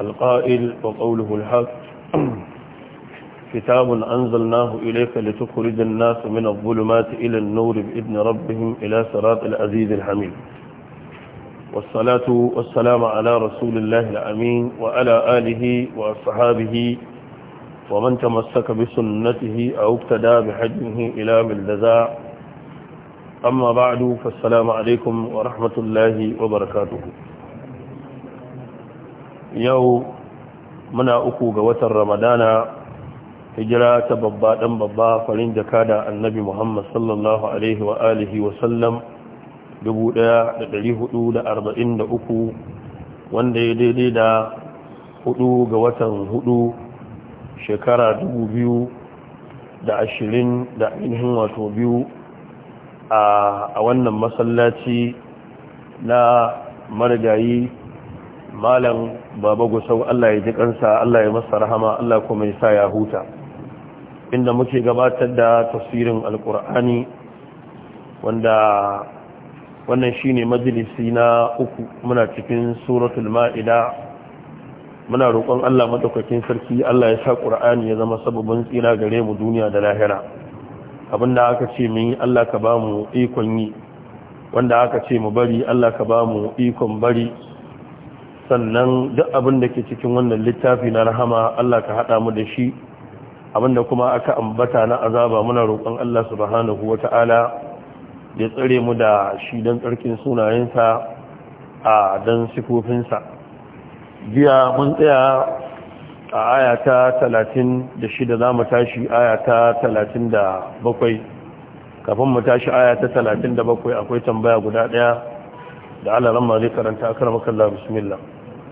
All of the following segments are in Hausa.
القائل وقوله الحق كتاب أنزلناه إليك لتخرج الناس من الظلمات إلى النور بإذن ربهم إلى صراط العزيز الحميد والصلاة والسلام على رسول الله الأمين وعلى آله وصحابه ومن تمسك بسنته أو ابتدى بحجمه إلى بالجزاء أما بعد فالسلام عليكم ورحمة الله وبركاته yau muna uku ga watan ramadana hijira ta babba dan babba farin jaka da annabi muhammad sallallahu alaihi wa alihi wa sallam 1443 wanda ya daidai da hudu ga watan hudu shekara 2020 da ainihin wato biyu a wannan masallaci na marigayi malam baba gusau Allah ya ji kansa Allah ya masa rahama Allah kuma ya sa ya huta inda muke gabatar da tafsirin alkur'ani wanda wannan shine majalisi na uku muna cikin suratul ma'ida muna roƙon Allah madaukakin sarki Allah ya sa qur'ani ya zama sababin tsira gare mu duniya da lahira abinda aka ce yi, Allah ka ba mu ikon yi wanda aka ce mu bari Allah ka ba mu ikon bari sannan duk abin da ke cikin wannan littafi na rahama Allah ka haɗa mu da shi abinda kuma aka ambata na azaba muna roƙon Allah subhanahu wata'ala ya tsare mu da shi don tsarkin sunayensa a don sifofinsa jiya mun tsaya a ayata talatin da shida za mu tashi ayata talatin da bakwai kafin mu tashi ayata talatin da bakwai akwai tambaya guda ɗaya da alaran ma zai karanta akarar makalla bismillah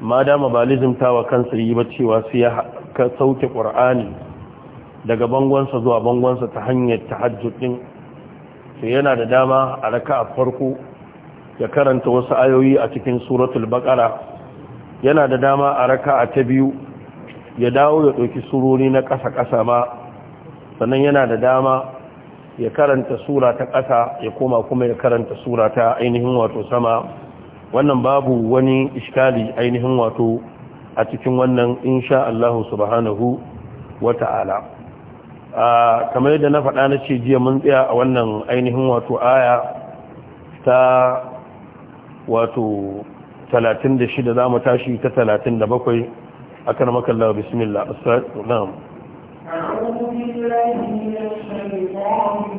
ma dama ba lizimta wa kansa yi ba cewa sai ya sauke ƙur'ani daga bangonsa zuwa bangonsa ta hanyar ta din sai yana da dama a raka a farko ya karanta wasu ayoyi a cikin suratul baqara yana da dama a a ta biyu ya dawo ya ɗauki surori na ƙasa-ƙasa ma sannan yana da dama ya karanta sura ta ƙasa ya koma kuma ya karanta sura ta ainihin wato sama wannan babu wani iskali ainihin wato a cikin wannan insha Allah subhanahu wa a kamar yadda na faɗa na ce jiya mun tsaya a wannan ainihin wato aya ta wato 36 za mu tashi ta 37 akan makalla bismillah assalamu alaikum أعوذ بالله من الشيطان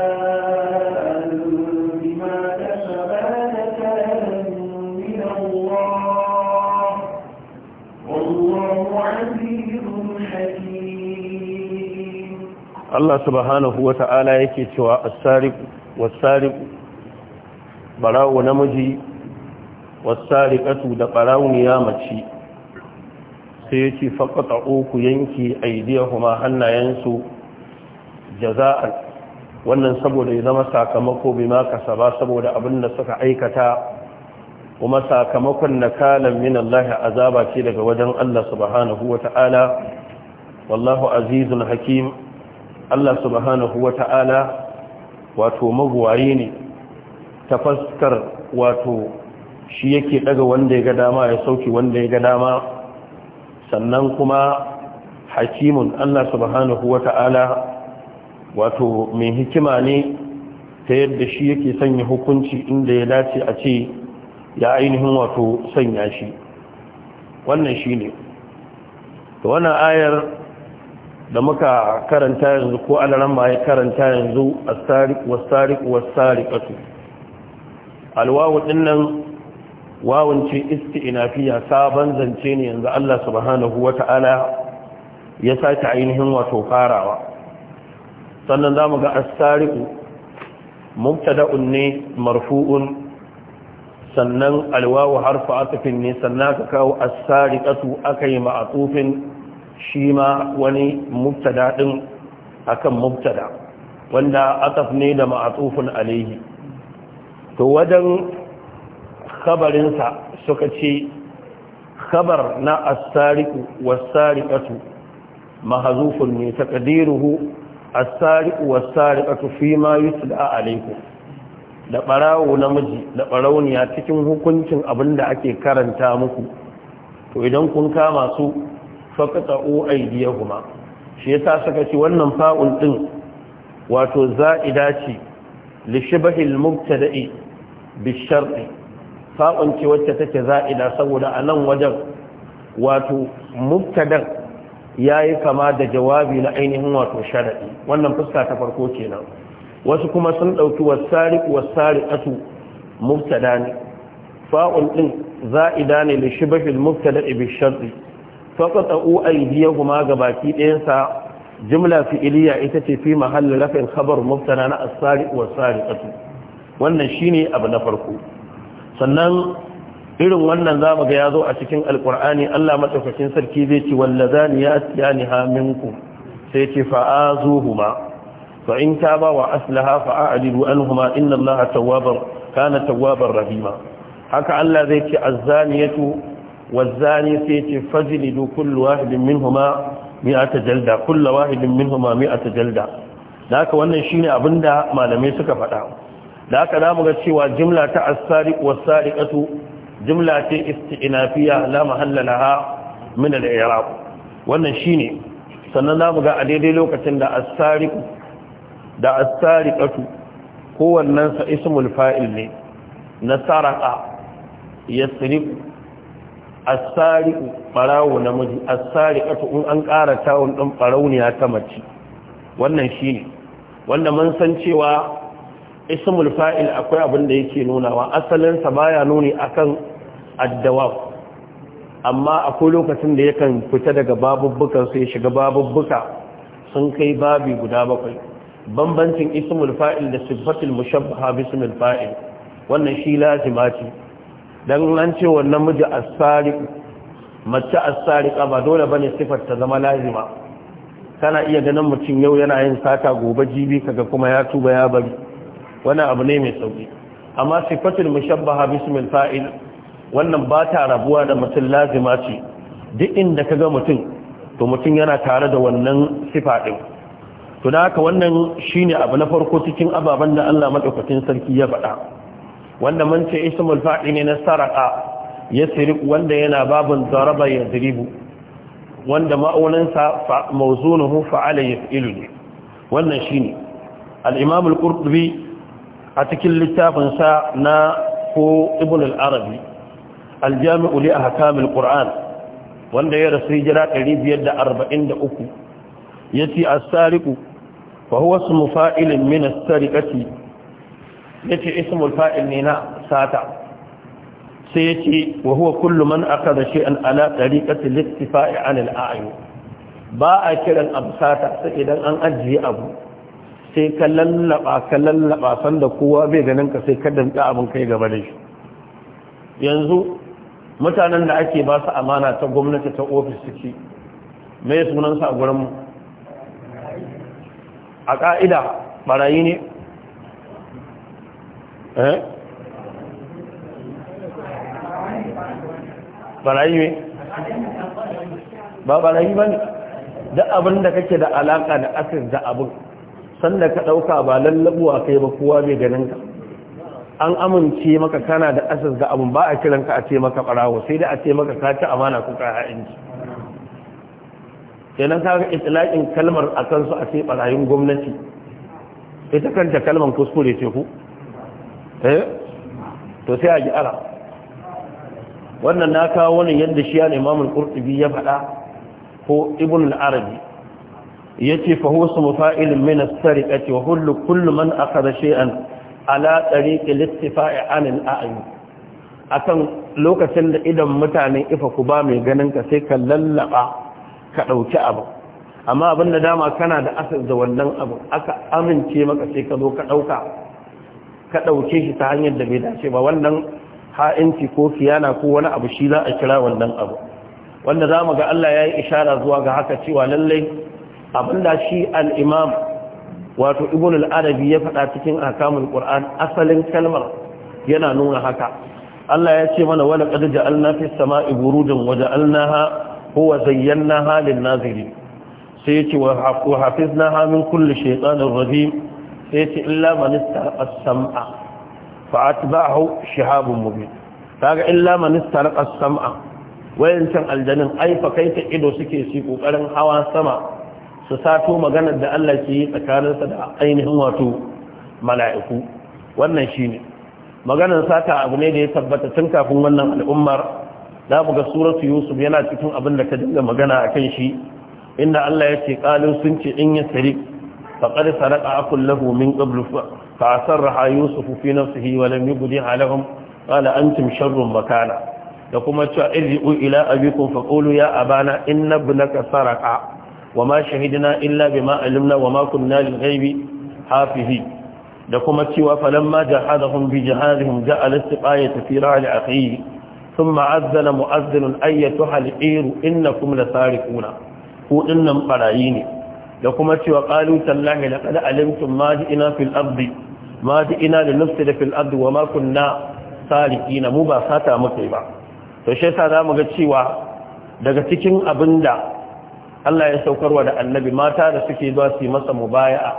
Allah subhanahu wa ta'ala yake cewa as-sariq was-sariq barawo namiji was-sariqatu da barawniya mace sai yace faqata'u ku yanki aydiyahuma hannayensu jaza'an wannan saboda ya zama sakamako bima kasaba saboda abinda suka aikata kuma sakamakon nakalan min Allah azaba ce daga wajen Allah subhanahu wa ta'ala wallahu azizun hakim Allah subhanahu wa ta'ala wato magwaye ne ta fuskar wato shi yake daga wanda ya ga dama ya sauki wanda ya ga dama sannan kuma hakimun Allah subhanahu wa ta'ala wato mai hikima ne ta yadda shi yake sanya hukunci inda ya dace a ce ya ainihin wato sanya shi wannan shi ne wannan ayar da muka karanta yanzu ko alaran ma ya karanta yanzu as-sariq was-sariq was-sariqatu alwawu dinnan wawun ce isti'nafiya saban zance ne yanzu Allah subhanahu wata'ala ya sake ainihin wato farawa sannan zamu ga as-sariq mubtada'un ne marfu'un sannan alwawu harfu atfin ne sannan ka kawo as-sariqatu akai ma'tufin shi ma wani mubtada din akan mubtada wanda ataf ne da ma'atufun alaihi to wajen khabarinsa suka ce khabar na as-sariqu was-sariqatu mahzufun ne taqdiruhu as-sariqu was-sariqatu fi ma yutla alaihi da barawo namiji da barauniya cikin hukuncin abinda ake karanta muku to idan kun kama su faqta'u kuma. shi yasa suka ce wannan fa'ul din wato za'ida ce li shibhil mubtada'i bishar'i fa'un ce wacce take za'ida saboda a nan wajen wato ya yayi kama da jawabi na ainihin wato Sharaɗi. wannan fuska ta farko kenan wasu kuma sun ɗauki wasariq wasariqatu mubtada ne fa'un din za'ida ne li shibhil mubtada'i faƙaɗa'u aidiyahuma ga baki ɗayansa jimla fi'iliya ita ce fi mahallin rafin khabar mubtana na asari wa sariqatu wannan shine abu na farko sannan irin wannan zamu ga yazo a cikin alqur'ani Allah madaukakin sarki zai ce wallazani ya'tiyaniha minkum sai ce fa'azuhuma fa in taba wa aslaha fa'ajidu anhuma inna Allaha tawwabar kana tawwabar rahima haka Allah zai ce azzaniyatu والزاني سيتي فجلدوا كل واحد منهما مئة جلدة كل واحد منهما مئة جلدة لك وانا شيني أبندا ما لم يسك فتا لك نام غشيوا جملة السارق والسارقة جملة استئنافية لا محل لها من الإعراب وانا شيني sannan za mu ga a daidai lokacin da asariku da asariƙatu kowannensa ismul fa'il ne na saraka ya siriku asari barawo namiji asari kato in an ƙara tawon ɗin barauniya ta mace wannan shi ne wanda mun san cewa ismul fa'il akwai abin da yake nunawa asalinsa baya nuni akan addawa amma akwai lokacin da yakan fita daga babubbukan sai shiga babubbuka sun kai babi guda bakwai bambancin ismul fa'il da sifatul mushabbaha bismil fa'il wannan shi lazima ce Dan an ce wannan miji asari mace asari ba dole bane sifar ta zama lazima kana iya ganin mutum yau yana yin sata gobe jibi kaga kuma ya tuba ya bari wannan abu ne mai sauki amma sifatul mushabbaha bismil fa'il wannan ba ta rabuwa da mutum lazima ce duk inda kaga mutum to mutum yana tare da wannan sifa din to da haka wannan shine abu na farko cikin ababen da Allah madaukakin sarki ya faɗa wanda mun ce ismul ne na saraka yasriq wanda yana babun zaraba yadribu wanda ma'aunansa mawzunuhu fa'ala yaf'ilu wannan shine al-imam al-qurtubi a cikin littafin sa na ko ibn al-arabi al-jami'u li ahkam al-qur'an wanda ya rasu hijira 543 yace as-sariqu fa huwa ismu fa'ilin min as-sariqati yace ismul fa'il ne na sata sai yace wa huwa kullu man da shay'an ala tariqati al-iktifa'i 'an al ba a kiran abu sata sai idan an ajiye abu sai ka lallaba ka lallaba sanda kowa bai ganin ka sai ka danka abin kai gaba da shi yanzu mutanen da ake ba su amana ta gwamnati ta ofis suke mai sunansa a gurinmu a ƙa'ida barayi ne Eh? barayi ne ba barayi ba ne da abin da kake da alaka da asir da abin sanda ka ɗauka ba lallabuwa kai ba kowa mai ganin ka an amince maka kana da asir da abin ba a kiran ka a ce maka barawo sai da a ce maka ka ci amana ko ka ha'inci kenan ka ga itilaƙin kalmar a kansu a ce barayin gwamnati ita kanta kalmar kuskure ce ku eh to sai a ara. wannan na kawo wani yadda shi al imamul qurtubi ya faɗa ko ibn al arabi yace fa huwa ismu fa'ilin min as-sariqati wa kullu kullu man akhadha shay'an ala tariq al-ittifa'i 'an al-a'yun akan lokacin da idan mutane ifa ku ba mai ganin ka sai ka lallaba ka dauki abu amma abin da dama kana da asar da wannan abu aka amince maka sai ka zo ka ɗauka. ka ɗauke shi ta hanyar da bai dace ba wannan ha'inci ko kiyana ko wani abu shi za a kira wannan abu wanda za mu ga Allah ya yi ishara zuwa ga haka cewa lallai abinda shi al'imam wato ibn al'arabi ya faɗa cikin akamun ƙur'an asalin kalmar yana nuna haka Allah ya ce mana wani ƙadda ja'alna fi sama'i burujin wa ja'alnaha ko wa zayyanna halin naziri sai ya ce wa hafiz na hamin kulle shaiɗanin rajim sai ce illa manistar as-sam'a fa atba'ahu mubi Ta ga illa manistar as-sam'a wayancin aljanin ai fa kai ta ido suke si ƙoƙarin hawa sama su sato maganar da Allah ke yi tsakaninsa da ainihin wato mala'iku wannan shi ne. maganar sata abu ne da ya tabbata tun kafin wannan al'ummar da mu ga suratu yusuf yana cikin abin da ka dinga magana akan shi inda Allah ya ce qalin sun ce in ya sari فقد سرق أقل له من قبل فأسرها يوسف في نفسه ولم يبدها لهم قال أنتم شر مكانا لكم ارجعوا إلى أبيكم فقولوا يا أبانا إن ابنك سرق وما شهدنا إلا بما علمنا وما كنا للغيب حافظين لكم تشوى فلما جهادهم بجهادهم جاء الاستقاية في رعل أخيه ثم عذن مؤذن أيتها العير إنكم لسارقون وإنم قرأيني da kuma cewa qalu tallahi laqad alimtum ma ina fil ardi ma ina da nafsi da fil ardi wa na kunna salikina mu ba sata muke ba to shi yasa zamu ga cewa daga cikin abinda Allah ya saukarwa da annabi mata da suke zuwa su masa mubaya'a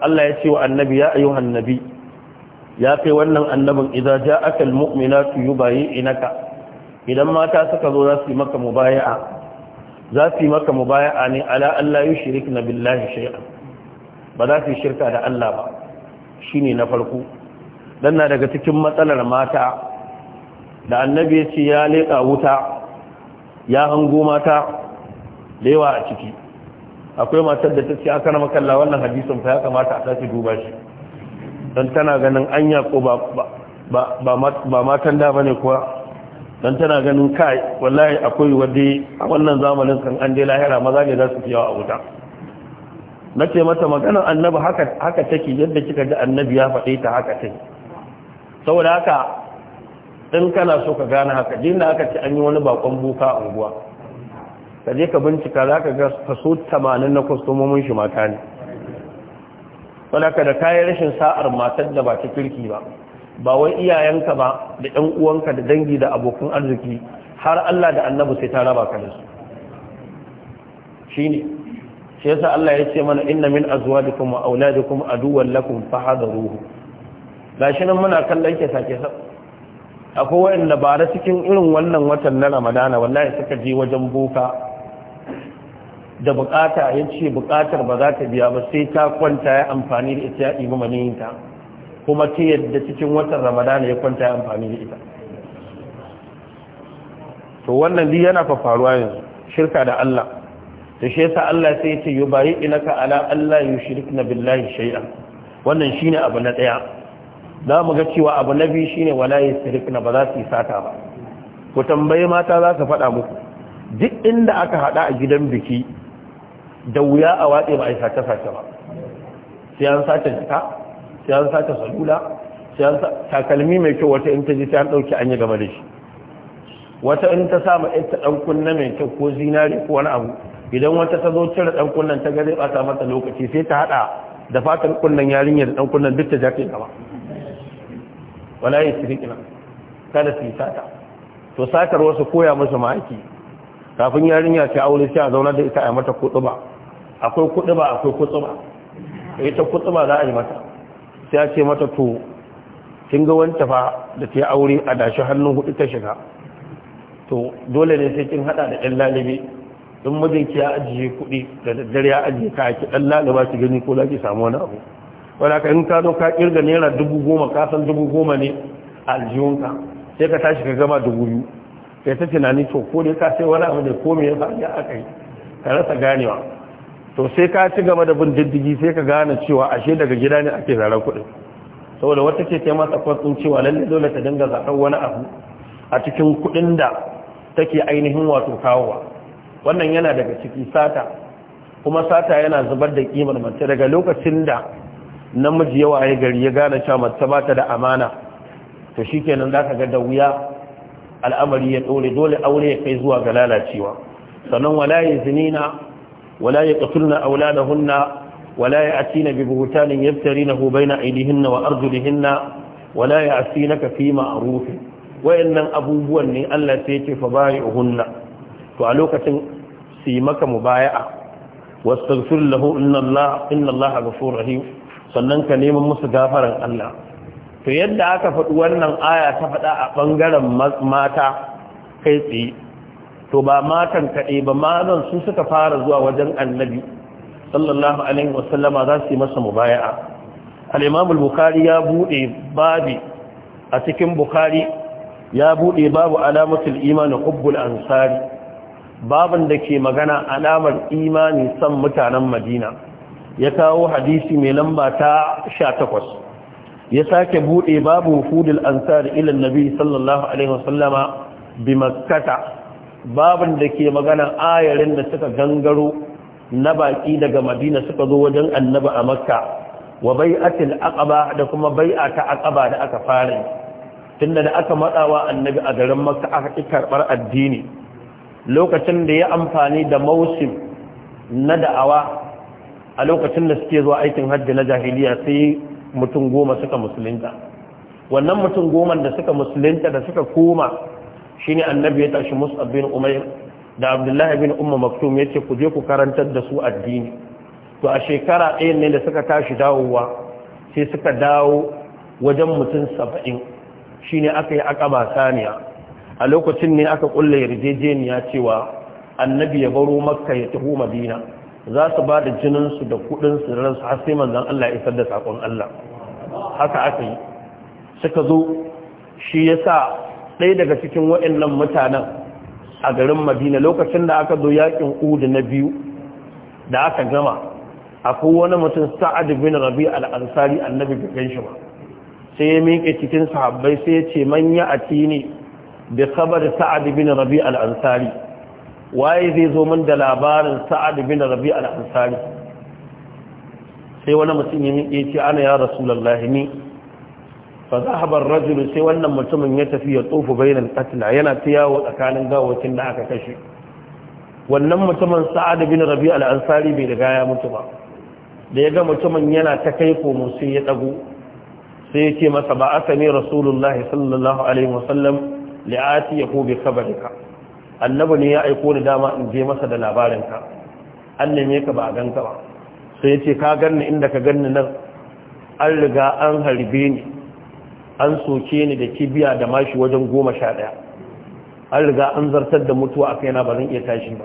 Allah ya ce wa annabi ya ayyuhan nabi ya kai wannan annabin idza yi almu'minatu yubayyi'naka idan mata suka zo za su yi maka mubaya'a za su yi maka mubaya'a ne ala Allah yi shirik na billahi shay'an ba za su yi shirka da Allah ba Shi ne na farko dan na daga cikin matsalar mata da annabi ya ce ya leƙa wuta ya hango mata da yawa a ciki akwai matar da ta ce aka na makalla wannan hadisin fa ya kamata a sake duba shi don tana ganin anya ko ba matan da ne kuwa don tana ganin kai wallahi akwai wadda a wannan zamanin kan an dai lahira maza ne za su fi yawa a wuta na ce mata maganar annabi haka take yadda kika ji annabi ya faɗe ta haka ce saboda haka in kana so ka gane haka da aka ce an yi wani bakon buka a unguwa ka je ka bincika za ka ga kaso 80 na kwastomomin shi mata ne wadda ka da kayan rashin sa'ar matar da ba ta kirki ba ba wai iyayenka ba da ɗan uwanka da dangi da abokan arziki har Allah da annabi sai ta raba ka da su Shi ne. shi yasa Allah ya ce mana inna min azwajikum wa auladikum aduwwan lakum fahadaruhu gashi nan muna kallon ke sake sa akwai wanda ba da cikin irin wannan watan na Ramadana wallahi suka je wajen boka da bukata yace bukatar ba za ta biya ba sai ta kwanta ya amfani da ita ya ɗibi maniyinta kuma ta yadda cikin watan ramadana ya kwanta ya amfani da ita to wannan duk yana faruwa yanzu shirka da Allah da shi yasa Allah sai ya ce ina inaka ala Allah yushrikna billahi shay'an wannan shine abu na daya za mu ga cewa abu na biyu shine wala yusrikna ba za su yi sata ba ku tambaye mata za su faɗa muku duk inda aka hada a gidan biki da wuya a watse ba a yi sace-sace ba sai an sace jika sai an sata salula sai an takalmi mai kyau wata in ta ji sai an dauki an yi gaba da shi wata in ta samu ai ta ɗan kunna mai kyau ko zinare ko wani abu idan wata ta zo cire ɗan kunnan ta gare ba ta mata lokaci sai ta haɗa da fatan kunnan yarinya da ɗan kunnan duk ta jake gaba wala yi kina kada su yi sata to sakar wasu koya musu ma'aiki kafin yarinya ta aure sai a zauna da ita a mata kuɗuba akwai kuɗuba akwai kutsuba ita kutsuba za a yi mata sai ya ce mata to kin ga wanta fa da ta yi aure a dashi hannun hudu ta shiga to dole ne sai kin hada da ɗan lalibi don mijinki ya ajiye kuɗi da daddare ya ajiye ka ki ɗan laliba ki gani ko za samu wani abu wala ka in ka zo ka kirga naira dubu goma ka san dubu goma ne a ka sai ka tashi ka gama dubu biyu kai ta tunani to ko ne ka sai wani abu ne ko me ya faɗi aka yi ka rasa ganewa to sai ka ci gaba da bin diddigi sai ka gane cewa ashe daga gida ne ake zarar kuɗi saboda wata ce ta masa kwatsun cewa lalle dole ta dinga zaɓar wani abu a cikin kuɗin da take ainihin wato kawowa wannan yana daga ciki sata kuma sata yana zubar da kimar mace daga lokacin da namiji yawa ya gari ya gane cewa mace ba ta da amana to shikenan zaka ga da wuya al'amari ya dole dole aure ya kai zuwa ga lalacewa sannan wala yazinina ولا يقتلن أولادهن ولا يأتين ببهتان يفترينه بين أيديهن وأرجلهن ولا يعصينك في معروف وإن أبوه أني ألا تيتي فبايعهن فعلوكة سيمك مبايعة واستغفر له إن الله إن الله غفور رحيم sannan ka neman musu gafaran Allah to yadda aka faɗi wannan aya ta faɗa a ɓangaren mata kai tsaye to ba matan kaɗai ba mazan su suka fara zuwa wajen annabi sallallahu alaihi wasallama za su yi masa mubaya'a Alimamul Bukari ya buɗe babi a cikin bukhari ya buɗe babu alamatul imanin hubbul ansari babin da ke magana alamar imani san mutanen madina ya kawo hadisi mai lamba ta takwas. ya sake buɗe babu wufudul ansari ila nabi sallallahu alaihi wasallama bi makkah babin da ke magana ayarin da suka gangaro na baki daga madina suka zo wajen annaba a makka wa bai bai'atil akaba da kuma bai a ta akaba da aka fara tunda da aka matsawa annabi a garin makka aka ƙi karɓar addini lokacin da ya amfani da mausim na da'awa a lokacin da suke zuwa aikin hajji na jahiliya sai mutum goma suka musulunta wannan mutum goma da suka musulunta da suka koma ne annabi ya tashi mus'ab bin umair da abdullahi bin umma maktum ce ku je ku karantar da su addini to a shekara ɗaya ne da suka tashi dawowa sai suka dawo wajen mutum saba'in ne aka yi akaba saniya a lokacin ne aka ƙulla yarjejeniya cewa annabi ya baro makka ya taho madina za su ba da jininsu da kuɗinsu da ransu har sai manzan Allah ya isar da sakon Allah haka aka yi suka zo shi yasa ɗaya daga cikin waɗannan mutanen a garin madina lokacin da aka zo yakin udu na biyu da aka gama akwai wani mutum sa'ad bin rabi al-ansari annabi bai gan shi ba sai ya miƙe cikin sahabbai sai ya ce manya a tini bi khabar sa'ad bin rabi al-ansari waye zai zo min da labarin sa'ad bin rabi al-ansari sai wani mutum ya miƙe ce ana ya rasulullahi ni fa zahaba rajulu sai wannan mutumin ya tafi ya tsofu bainan qatla yana tiyawo tsakanin gawakin da aka kashe wannan mutumin sa'ad bin rabi al-ansari bai riga ya mutu ba da ya ga mutumin yana ta kai komo sai ya dago sai ya ce masa ba asami rasulullahi sallallahu alaihi wasallam li'ati yahu bi khabarika annabi ne ya aiko ni dama in je masa da labarinka anname ka ba a ganka ba sai ya ce ka ganni inda ka ganni nan an riga an harbe ni an soke ni da kibiya da mashi wajen goma sha ɗaya an riga an zartar da mutuwa a kaina ba zan iya tashi ba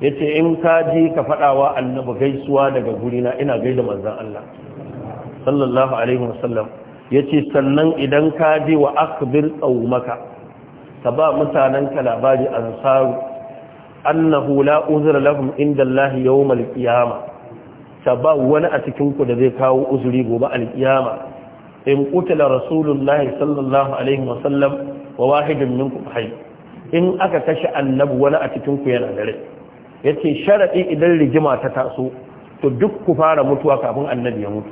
ya ce in ka je ka faɗawa annabi gaisuwa daga gurina ina gai da manzan Allah sallallahu alaihi wasallam ya ce sannan idan ka je wa akbir tsawumaka ka ba mutanen mutanenka labari ansaru annahu la uzra lahum inda Allah yawmal alƙiyama ta ba wani a cikinku da zai kawo uzuri gobe alƙiyama. in qutila rasulullahi sallallahu alaihi wa sallam wa wahidun minkum hayy in aka kashe annabi wani a cikin ku yana dare yace sharadi idan rigima ta taso to duk ku fara mutuwa kafin annabi ya mutu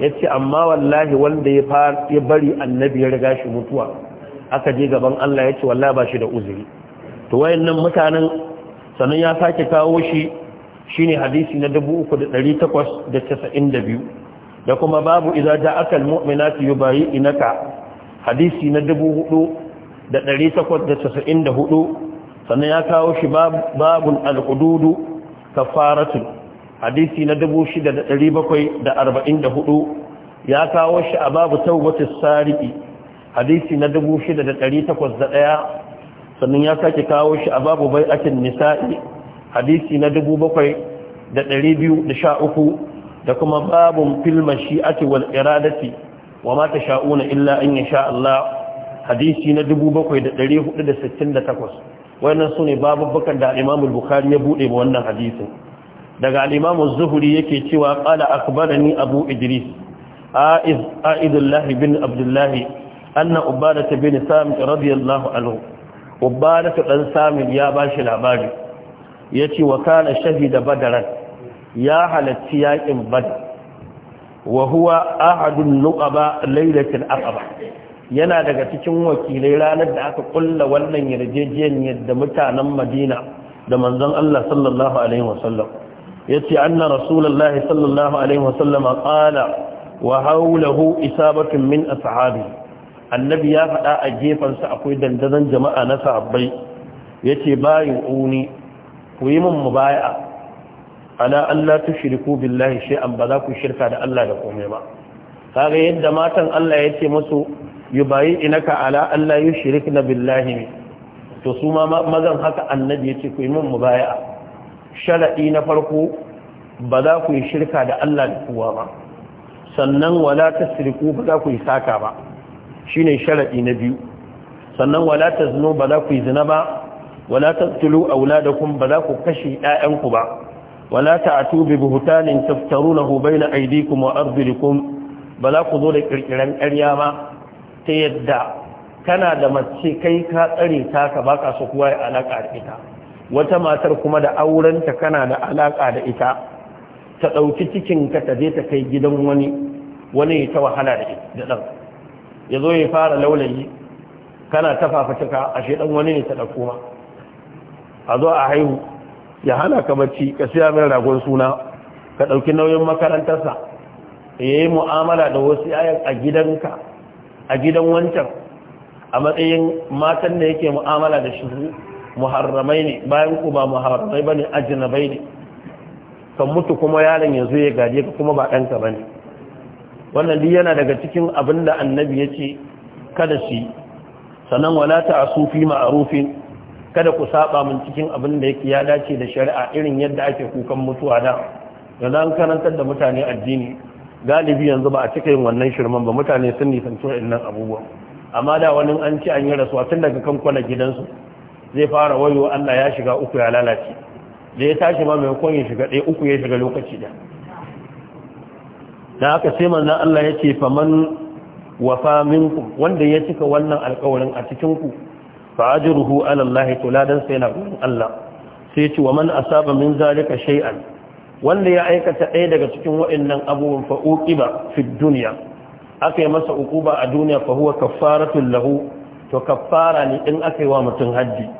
yace amma wallahi wanda ya fara ya bari annabi ya riga shi mutuwa aka je gaban Allah yace wallahi ba shi da uzuri to wayannan mutanen sanan ya sake kawo shi shine hadisi na 3892 da kuma babu idza ja'aka almu'minatu inaka hadisi na 4894 sannan ya kawo shi babun alqududu kafaratu hadisi na 6744 ya kawo shi a babu tawbatus sariqi hadisi na 6801 sannan ya sake kawo shi a babu bai'atin nisa'i hadisi na 7213 da kuma babun shi ake wal iradati wa ma sha'una illa an yasha Allah hadisi na 7468 wannan babu babubukan da Imam Bukhari ya bude wannan hadisin daga Imam Zuhri yake cewa qala akhbarani Abu Idris Aiz bin Abdullah anna Ubadah bin Samit radiyallahu anhu Ubadah dan sami ya bashi labari yace wa kana shahida badaran ya halarci yaƙin badar wa huwa ahadun lu'aba lailatul aqaba yana daga cikin wakilai ranar da aka kulla wannan yarjejeniyar da mutanen Madina da manzon Allah sallallahu alaihi wasallam yace anna rasulullah sallallahu alaihi wasallam qala wa hawlahu isabatun min ashabi annabi ya faɗa a gefansa akwai dandazon jama'a na sahabbai yace bayu uni ku yi min mubaya'a ala Allah tushriku billahi shay'an ba za ku shirka da Allah da komai ba kaga yadda matan Allah ya ce yace musu yubayi inaka ala Allah yushrikna billahi to su ma mazan haka annabi ya ce ku yi min mu baya. Sharaɗi na farko ba za ku yi shirka da Allah da kowa ba sannan wala ta tasriku ba za ku yi saka ba Shi ne sharaɗi na biyu sannan wala ta zino ba za ku yi zina ba wala ta a wula da kun ba za ku kashe ƴaƴanku ba ولا تعتوا ببهتان تفترونه بين ايديكم وارجلكم بلا قذور ba اريما تيدا كان da mace kai ka tsare ta ka baka su kuwa alaka da ita wata matar kuma da aurenta kana da alaka da ita ta dauki cikin ka ta je ta kai gidan wani wani ya ta wahala da ita da dan ya fara laulayi kana tafafa ta ashe dan wani ne ta dauko ma a zo a haihu ya hana ka barci ka siya mai ragon suna ka ɗauki nauyin makarantarsa ya yi mu'amala da wasu yayan a gidanka a gidan wancan a matsayin matan da yake mu'amala da shi muharramai ne bayan ku ba muharramai ba ne ajinabai ne kan mutu kuma yaron yanzu ya gaje ka kuma ba ɗanka ba ne wannan duk yana daga cikin abin da annabi ya ce kada shi sannan wala ta asufi ma'arufin kada ku saba min cikin abin da yake ya dace da shari'a irin yadda ake kukan mutuwa da yanzu an karantar da mutane addini galibi yanzu ba a cika yin wannan shirman ba mutane sun nisanci nan abubuwan amma da wani an ci an yi rasuwa tun daga kan kwana gidansu zai fara wayo Allah ya shiga uku ya lalace da ya tashi ma maimakon ya shiga ɗaya uku ya shiga lokaci da da haka sai manzan Allah ya ce faman wafa minku wanda ya cika wannan alkawarin a cikin ku fa ajruhu ala Allah to ladan sai na gurin Allah sai ce wa man asaba min zalika shay'an wanda ya aikata ɗaya daga cikin waɗannan abubuwan fa uqiba fi dunya aka yi masa uquba a duniya fa huwa kaffaratul lahu to kaffara ne in aka yi wa mutum haddi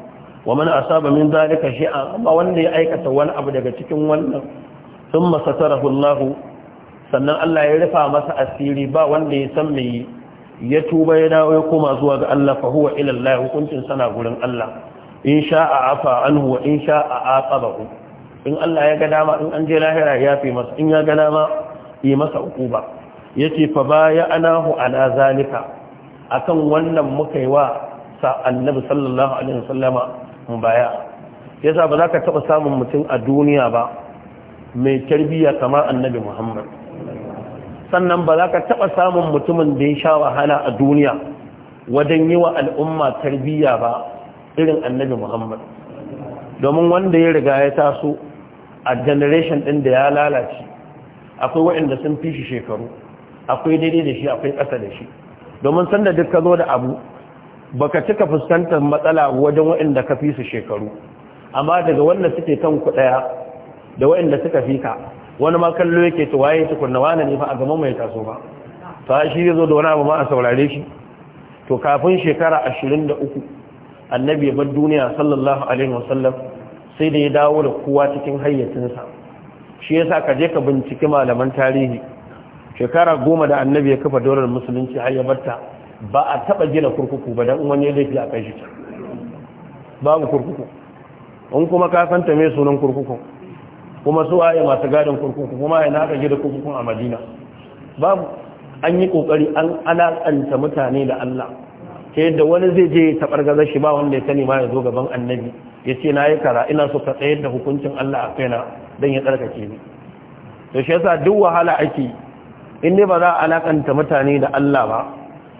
wa man asaba min zalika shay'an amma wanda ya aikata wani abu daga cikin wannan thumma satarahu Allah sannan Allah ya rufa masa asiri ba wanda ya san me ya tuba ya dawo ya koma zuwa ga Allah fa huwa ila Allah hukuncin sana gurin Allah in sha'a afa anhu wa in sha'a aqabahu in Allah ya ga dama in an je lahira ya fi masa in ya ga dama yi masa ukuba yace fa baya anahu ala zalika akan wannan muka yi wa sa annabi sallallahu alaihi wasallama mubaya yasa ba za ka taba samun mutum a duniya ba mai tarbiyya kamar annabi Muhammad sannan ba za ka taɓa samun mutumin da ya sha wahala a duniya wajen yi wa al'umma tarbiyya ba irin annabi muhammad domin wanda ya riga ya taso a generation ɗin da ya lalace akwai waɗanda sun fi shi shekaru akwai daidai da shi akwai ƙasa da shi domin sanda duk ka zo da abu baka cika fuskantar matsala wajen waɗanda ka fi su shekaru amma daga wanda suke kan kuɗaya ɗaya da waɗanda suka fi ka wani ma kallo yake to waye tukunna wani ne a gaban mai taso ba ta shi zo da wani abu ma a saurare shi to kafin shekara 23 annabi ya bar duniya sallallahu alaihi wasallam sai da ya dawo da kowa cikin hayyacinsa shi yasa ka je ka binciki malaman tarihi shekara goma da annabi ya kafa daular musulunci har ya barta ba a taba gina kurkuku ba dan wani laifi a kai shi babu kurkuku in kuma ka santa me sunan kurkukun kuma su waye masu gadin kurkuku kuma ya naka da kurkukun a madina babu an yi kokari an alaƙanta mutane da Allah ta yadda wani zai je taɓar ga shi ba wanda ya sani ma ya zo gaban annabi ya ce na yi kara ina so ka tsayar da hukuncin Allah a kaina don ya tsarkake ni to shi yasa duk wahala ake in dai ba za a alakanta mutane da Allah ba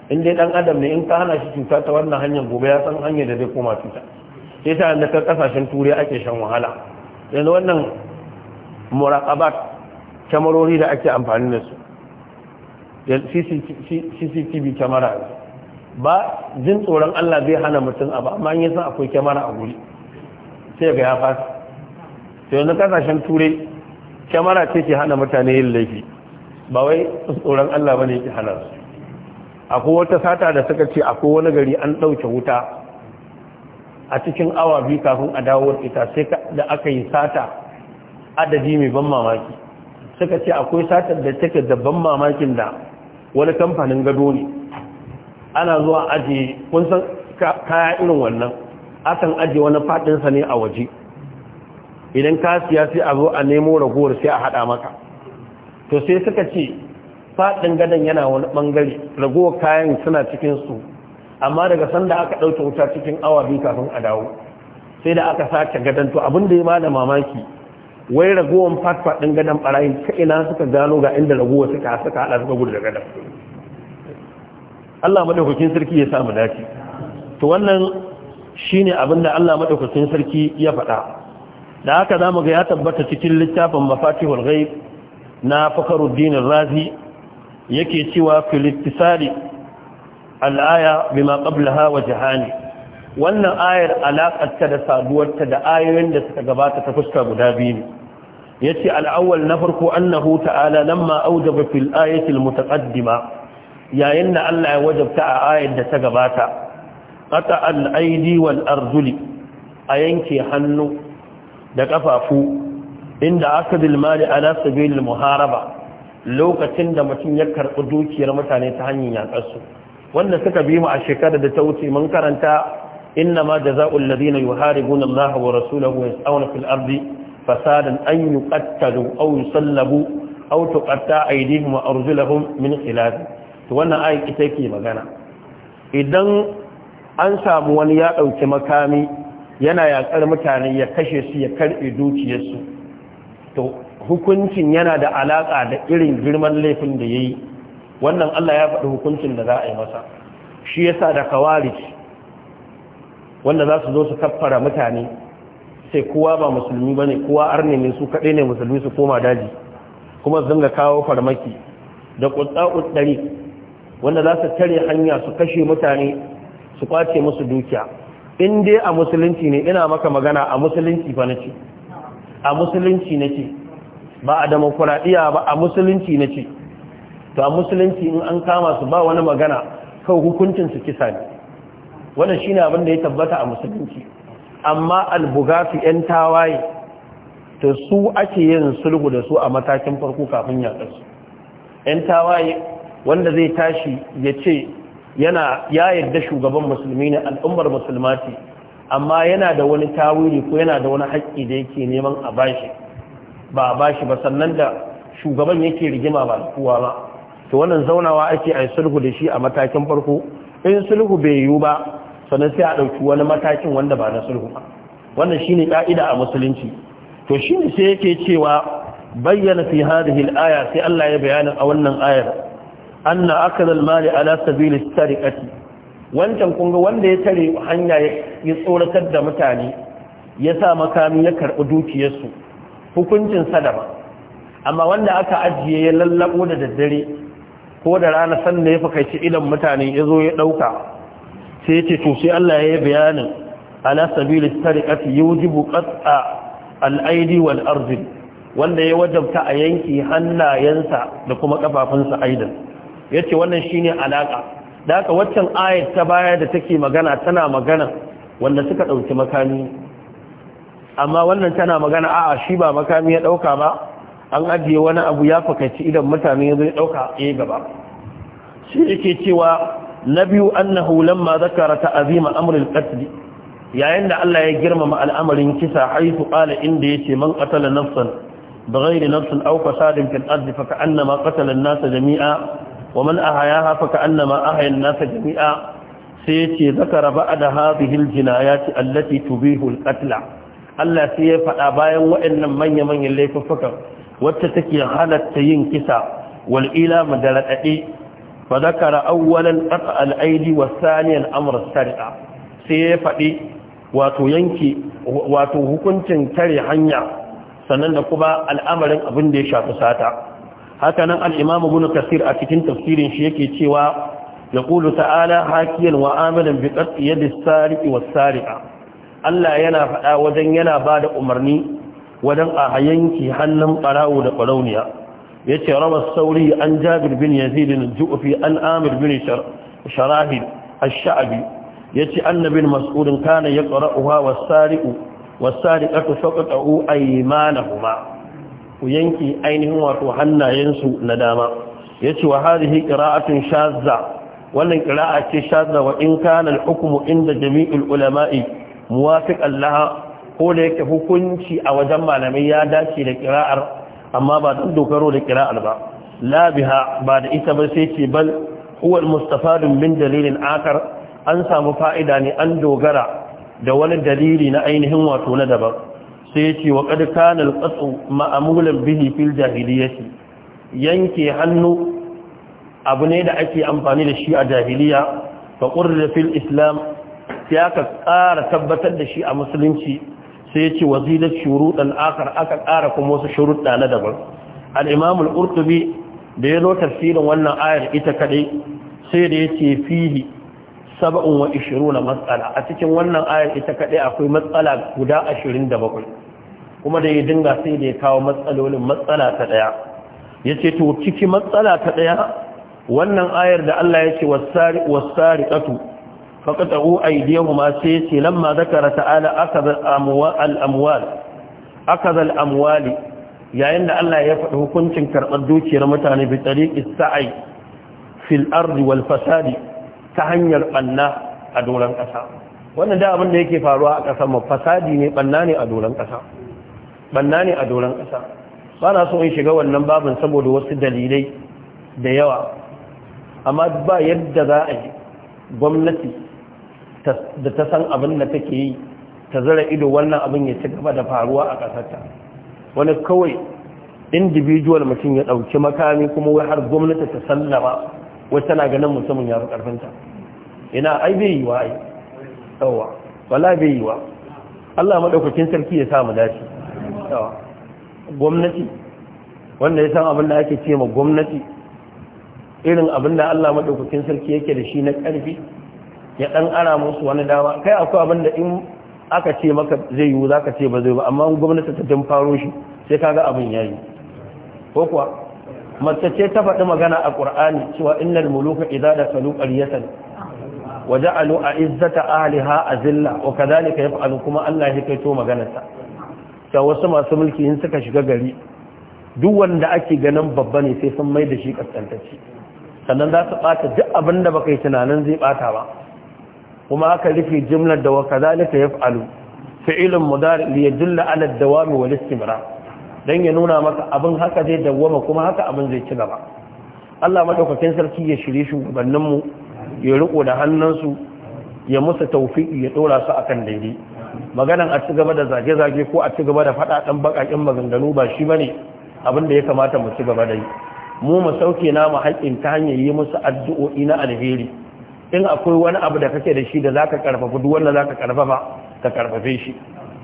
in dai dan adam ne in ka hana shi cuta ta wannan hanyar gobe ya san hanyar da zai koma cuta sai ta da kasashen turai ake shan wahala yanzu wannan Murakabat kyamarori da ake amfani da su cctv kyamara ba jin tsoron allah zai hana mutum abu amma yin sa akwai kyamara a guri sai ga ya fasa sai wani kasashen turai kyamara ce ke hana mutane yin laifi ba wai tsoron allah ba ne ke hana su akwai wata sata da suka ce akwai wani gari an ɗauke wuta a cikin awa biyu kafin a dawo ita sai da aka yi sata adadi mai ban mamaki suka ce akwai satar da take da ban mamakin da wani kamfanin gado ne ana zuwa aji kun san kaya irin wannan akan aji wani fadinsa ne a waje idan ka siya sai a zo a nemo ragowar sai a hada maka to sai suka ce fadin gadon yana wani bangare ragowar kayan suna cikin su amma daga sanda aka ɗauke wuta cikin awa biyu kafin a dawo sai da aka sake gadon to abin da ya ma da mamaki wai ragowar fatfa ɗin gadon ɓarayin ta ina suka gano ga inda raguwa suka suka haɗa suka gudu da gadon Allah maɗaukakin sarki ya samu dace to wannan shine abin da Allah maɗaukakin sarki ya faɗa da haka za mu ga ya tabbata cikin littafin mafatihul ghaib na fakhruddin razi yake cewa fil ittisali al-aya bima qablaha wa jahani wannan ayar ta da ta da ayoyin da suka gabata ta fuska guda biyu ne yace al-awwal na farko annahu ta'ala lamma awjaba fil ayati al-mutaqaddima yayin da Allah ya wajabta a ayar da ta gabata qata al-aidi wal arjuli a yanke hannu da kafafu inda akadil mali ala sabilil muharaba lokacin da mutum ya karbi dukiyar mutane ta hanyar yakar su wanda suka bi mu a shekarar da ta wuce mun karanta innama jazaa'ul ladina yuharibuna Allah wa rasulahu wa yas'awna fil ardi fasadan an يقتلوا أو yusallabu أو tuqatta أيديهم wa من min وانا to wannan مغانا ita أنسى magana idan an samu wani ya dauki makami yana yakar mutane ya kashe su ya karbe dukiyarsu to hukuncin yana da alaka da irin girman laifin da yayi wannan Allah ya faɗi hukuncin da za a yi masa shi yasa da kawarij wanda za su zo su kaffara mutane sai kowa ba musulmi bane kowa arne ne su kaɗai ne musulmi su koma daji kuma zanga kawo farmaki da ƙutsa'ut dari wanda za su tare hanya su kashe mutane su kwace musu dukiya in dai a musulunci ne ina maka magana a musulunci fa nace a musulunci nace ba a demokuraɗiyya ba a musulunci nace to a musulunci in an kama su ba wani magana kawai hukuncin su kisa ne wannan shine abin da ya tabbata a musulunci amma albugafi 'yan tawaye ta su ake yin sulhu da su a matakin farko kafin yaƙarsu 'yan tawaye wanda zai tashi ya ce yana ya yadda shugaban musulmi ne al'ummar musulmati amma yana da wani tawiri ko yana da wani haƙƙi da yake neman a bashi ba a bashi ba sannan da shugaban yake rigima ba kowa ba to wannan zaunawa ake a sulhu da shi a matakin farko in sulhu bai yiwu ba sannan sai a ɗauki wani matakin wanda ba na sulhu ba wannan shine ka'ida a musulunci to shine sai yake cewa bayyana fi hadhihi al-aya sai Allah ya bayyana a wannan ayar anna akala al-mali ala sabili as-sariqati wancan kun ga wanda ya tare hanya ya tsoratar da mutane ya sa makami ya karbi dukiyarsu hukuncin sadaba amma wanda aka ajiye ya lallabo da daddare ko da rana sannan ya fakaici idan mutane ya zo ya dauka sai ya ce to sai Allah ya yi bayanin ala sabilis tariqati yujibu qat'a al-aidi wal ardi wanda ya wajabta a yanki hannayensa da kuma kafafunsa aidan yace wannan shine alaka da haka waccan ayat ta baya da take magana tana magana wanda suka dauki makami amma wannan tana magana a'a shi ba makami ya dauka ba an ajiye wani abu ya fakaci idan mutane ya zo ya dauka gaba shi yake cewa na biyu annahu lamma zakara ta'zima amrul qatl yayin da Allah ya girmama al'amarin kisa haitu qala inda yace man qatala nafsan bighayri nafsin aw fasadin fil ardi fa ka'annama qatala an-nasa jami'a wa man ahayaha fa ka'annama ahaya an-nasa jami'a sai yace zakara ba'da hadhihi al-jinayat allati tubihu al-qatl Allah sai ya faɗa bayan waɗannan manya-manyan laifuffukan wacce take halatta yin kisa wal ilama da raɗaɗe fadakara zakara awwalan al'adi al wa saniyan amr sariqa sai ya faɗi wato yanki wato hukuncin tare hanya sannan da kuma al'amarin abin da ya shafi sata haka nan al-imam kasir a cikin tafsirin shi yake cewa yaqulu ta'ala hakiyan wa amalan bi qat'i yadi wa was Allah yana faɗa wajen yana bada umarni wajen a yanki hannun ɓarawo da ƙwarauniya yace rawa sauri an jabir bin yazid na jufi an amir bin sharahid ash-sha'bi yace annabin mas'ud kana yaqra'uha was-sariqu was-sariqatu faqata'u aymanahuma ku yanki ainihin wato hannayensu na dama yace wa hadhihi qira'atun shazza wannan qira'a ce shazza wa in kana al-hukmu inda jami'il ulama'i muwafiqan laha ko da yake hukunci a wajen malamai ya dace da qira'ar amma ba don dogaro da kira alba labiha ba da ita ba sai ce bal huwa mustafa min dalilin akar an samu fa'ida ne an dogara da wani dalili na ainihin wato na daban sai ya ce wa kad kana al ma'amulan bihi fil jahiliyyati yanke hannu abu ne da ake amfani da shi a jahiliya fa qurra fil islam sai aka ƙara tabbatar da shi a musulunci sai ya ce shuru shuruɗan akar aka ƙara kuma wasu shuruɗa na daban al'imam al'urtubi da ya zo tafsirin wannan ayar ita kaɗai sai da ya ce fihi saba'un wa ishiru na matsala a cikin wannan ayar ita kaɗai akwai matsala guda ashirin da bakwai kuma da ya dinga sai da ya kawo matsalolin matsala ta ɗaya ya ce to ciki matsala ta ɗaya wannan ayar da Allah ya ce wasu tsari ƙatu a yi فقطعوا sai سيسي nan ذكر تعالى أخذ الأموال أخذ الأموال yayin da Allah ya faɗi hukuncin karɓar dukiyar mutane bi tariqis sa'i fil ardi wal fasadi ta hanyar ɓanna a doron ƙasa wannan da abin da yake faruwa a ƙasar mu fasadi ne ɓanna ne a doron ƙasa banna ne a doran ƙasa ba na so in shiga wannan babin saboda wasu dalilai da yawa amma ba yadda za a yi gwamnati da ta san abin da take yi ta zara ido wannan abin ya ci gaba da faruwa a ƙasarta wani kawai individual mutum ya ɗauki makami kuma wai har gwamnati ta sallama wai tana ganin mutumin ya fi ƙarfinta ina ai bai yi wa ai yawa wala bai yi wa Allah maɗaukakin sarki ya samu dace yawa gwamnati wanda ya san abin da ake ce ma gwamnati irin abin da Allah maɗaukakin sarki yake da shi na ƙarfi ya dan ara musu wani dama kai akwai abin da in aka ce maka zai yiwu zaka ce ba zai ba amma gwamnati ta tun faro shi sai kaga abin yayi ko kuwa mace ce ta faɗi magana a Qur'ani cewa innal muluka idza salu qaryatan ja'alu a'izzata ahliha azilla wa kadhalika yaf'alu kuma Allah ya to magana ta wasu masu mulki in suka shiga gari duk wanda ake ganin babba ne sai sun mai da shi kaskantacce sannan za su ɓata duk abin da baka yi tunanin zai ɓata ba kuma aka rufe jimlar da zalika wakazalika yaf'alu fi'ilun mudari li yadulla ala dawami wal istimrar Don ya nuna maka abin haka zai dawama kuma haka abin zai ci gaba Allah maɗaukakin sarki ya shirye shugabannin mu ya riko da hannunsu ya musu taufiki ya ɗora su a kan daidai maganan a ci gaba da zage-zage ko a ci gaba da faɗa baƙaƙen maganganu ba shi bane abin da ya kamata mu ci gaba da yi mu mu sauke namu haƙƙin ta hanyar yi musu addu'o'i na alheri in akwai wani abu da kake da shi da zaka karfafa duk wanda zaka karfafa ka karfafe shi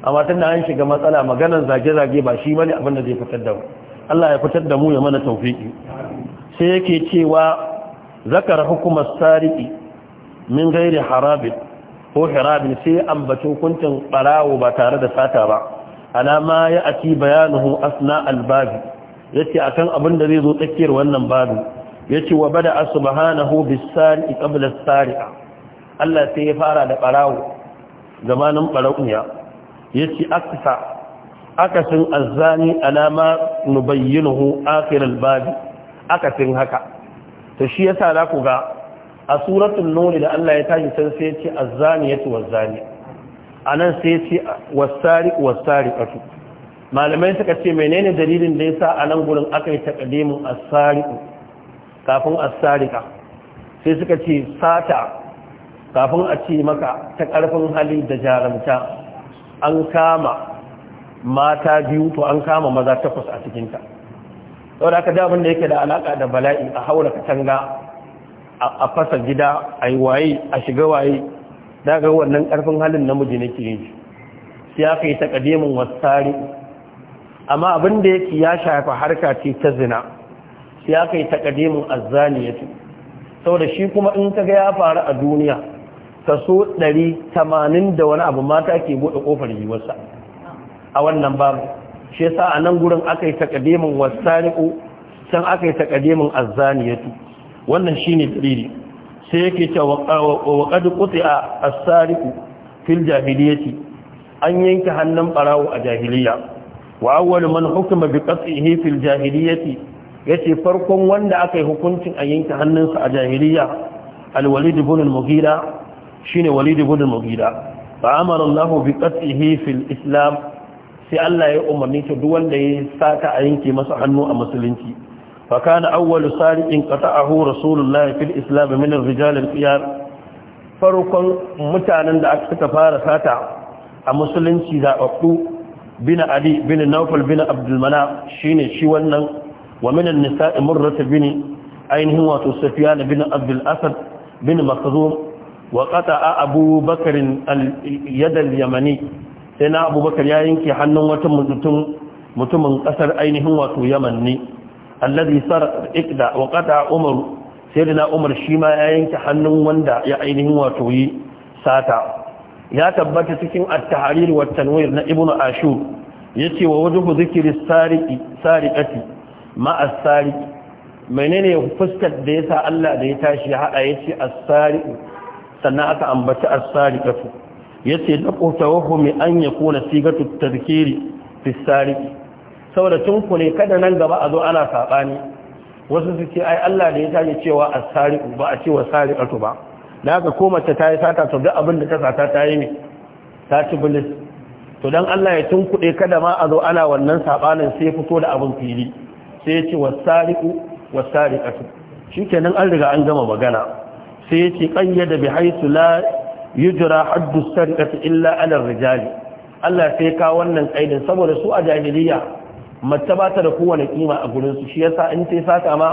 amma tana an shiga matsala maganar zage-zage ba shi bane abin da zai fitar da mu Allah ya fitar da mu ya mana tawfiki sai yake cewa zakar hukumar sariki min gairi harabin ko harabin sai an ambaci hukuncin barawo ba tare da sata ba alama ya ati bayanuhu asna albabi yace akan abin da zai zo tsakiyar wannan babu yace wa bada subhanahu bis-sari'i qabla as-sari'a Allah sai ya fara da barawo gabanin barauniya yace aksa akasin azzani alama nubayyinuhu akhir al-bab akasin haka to shi yasa za ku ga a suratul nur da Allah ya tashi san sai yace azzani yace wazzani anan sai yace was-sari'u was-sari'atu malamai suka ce menene dalilin da yasa a nan gurin aka yi taqdimu as-sari'u kafin a sariqa sai suka ce sata kafin a ce maka ta karfin hali da jarumta an kama mata biyu to an kama maza takwas a cikinta da aka daban da yake da alaka da bala'i a haura katanga a fasa gida a yi waye a shiga waye daga wannan karfin halin namiji nake yin shi sai aka yi wasu tari. amma abinda yake ya shafa harka ce ta zina sai aka yi takadimin Sau da shi kuma in ka ga ya faru a duniya kaso 180 da wani abu mata ke bude ƙofar jiwarsa a wannan babu shi sa a nan gurin aka yi takadimin ko can aka yi takadimin ce wannan shine dalili sai yake cewa wa kutse a fil an yanke hannun barawo a jahiliya wa awwal man hukuma bi qat'ihi fil jahiliyyati ya ce farkon wanda aka yi hukuncin a yanki hannunsa a jahiliya alwalid ibn al shine walid ibn al fa amara Allah bi qatlihi fil islam sai Allah ya umarni ta duk wanda ya sata a yanke masa hannu a musulunci fa kana awwalu sariqin qata'ahu rasulullahi fil islam min ar-rijal al-qiyar farkon mutanen da aka suka fara sata a musulunci zababbu bin ali bin nawfal bin abdul shine shi wannan wa min an-nisa'i murrat bin ainihin wato sufyan bin abdul asad bin makhzum wa qata'a abu yamani sai na ya yanke hannun wata mutum mutumin kasar ainihin wato yaman ne alladhi sar umar sayyidina umar shi ma ya yanke hannun wanda ya ainihin wato sata ya tabbatar cikin at-tahrir wa na ibnu ashur yace wa wajhu dhikri ma'asari menene fuskar da ya sa Allah da ya tashi ya haɗa ya asari sannan aka ambaci asari ƙafu ya ce da ƙota mi an ya kona sigatu fi asari saboda ku ne kada nan gaba a zo ana saɓani wasu su ce ai Allah da ya tashi cewa asari ba a cewa sari ƙafu ba da aka ko mace ta yi sata to duk abin da ta sata ta yi ne ta ci bilis to dan Allah ya kuɗe kada ma a zo ana wannan saɓanin sai fito da abin fili sai ya ce wasari'u wasari'atu shikenan an riga an gama magana sai yace ce qayyada bi haythu la yujra haddu sariqati illa ala rijali Allah sai ka wannan kaidin saboda su a jahiliya mace ba ta da kowane kima a gurin su shi yasa in sai saka ma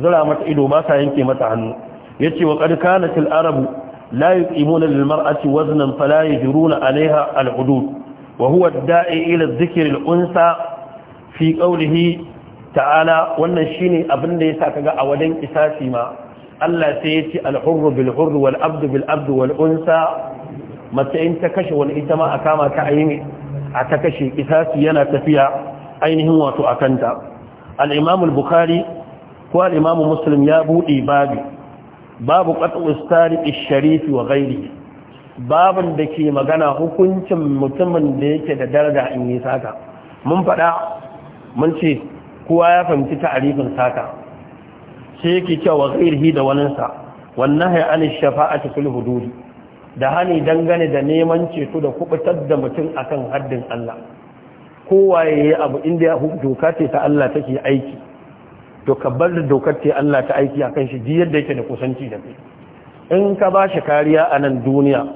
zura mata ido ba sa yanke mata hannu yace wa qad kanat al arabu la yuqimuna lil mar'ati waznan fala yajruna alaiha al hudud وهو الداعي إلى الذكر الأنثى fi قوله ta'ala wannan shine abin da yasa kaga a wajen isasi ma Allah sai ya ce al-hurru bil hurru wal abdu bil abdu wal unsa in ta kashe wani ita ma a kama ta ayi a ta kashe kisasi yana tafiya ainihin wato akanta al-imam al-bukhari ko al-imam muslim ya bude babu babu qat'u sariq sharif wa ghairihi babin da ke magana hukuncin mutumin da yake da daraja in yi saka mun faɗa mun ce kowa ya fahimci ta'arifin saka sai yake cewa ghairihi da waninsa wannan hay an shafa'ati fil hudud da hani dangane da neman ceto da kubutar da mutum akan haddin Allah kowa yayi abu inda ya doka ce ta Allah take aiki to ka bar da dokar ce Allah ta aiki akan shi ji yadda yake da kusanci da kai in ka ba shi kariya a nan duniya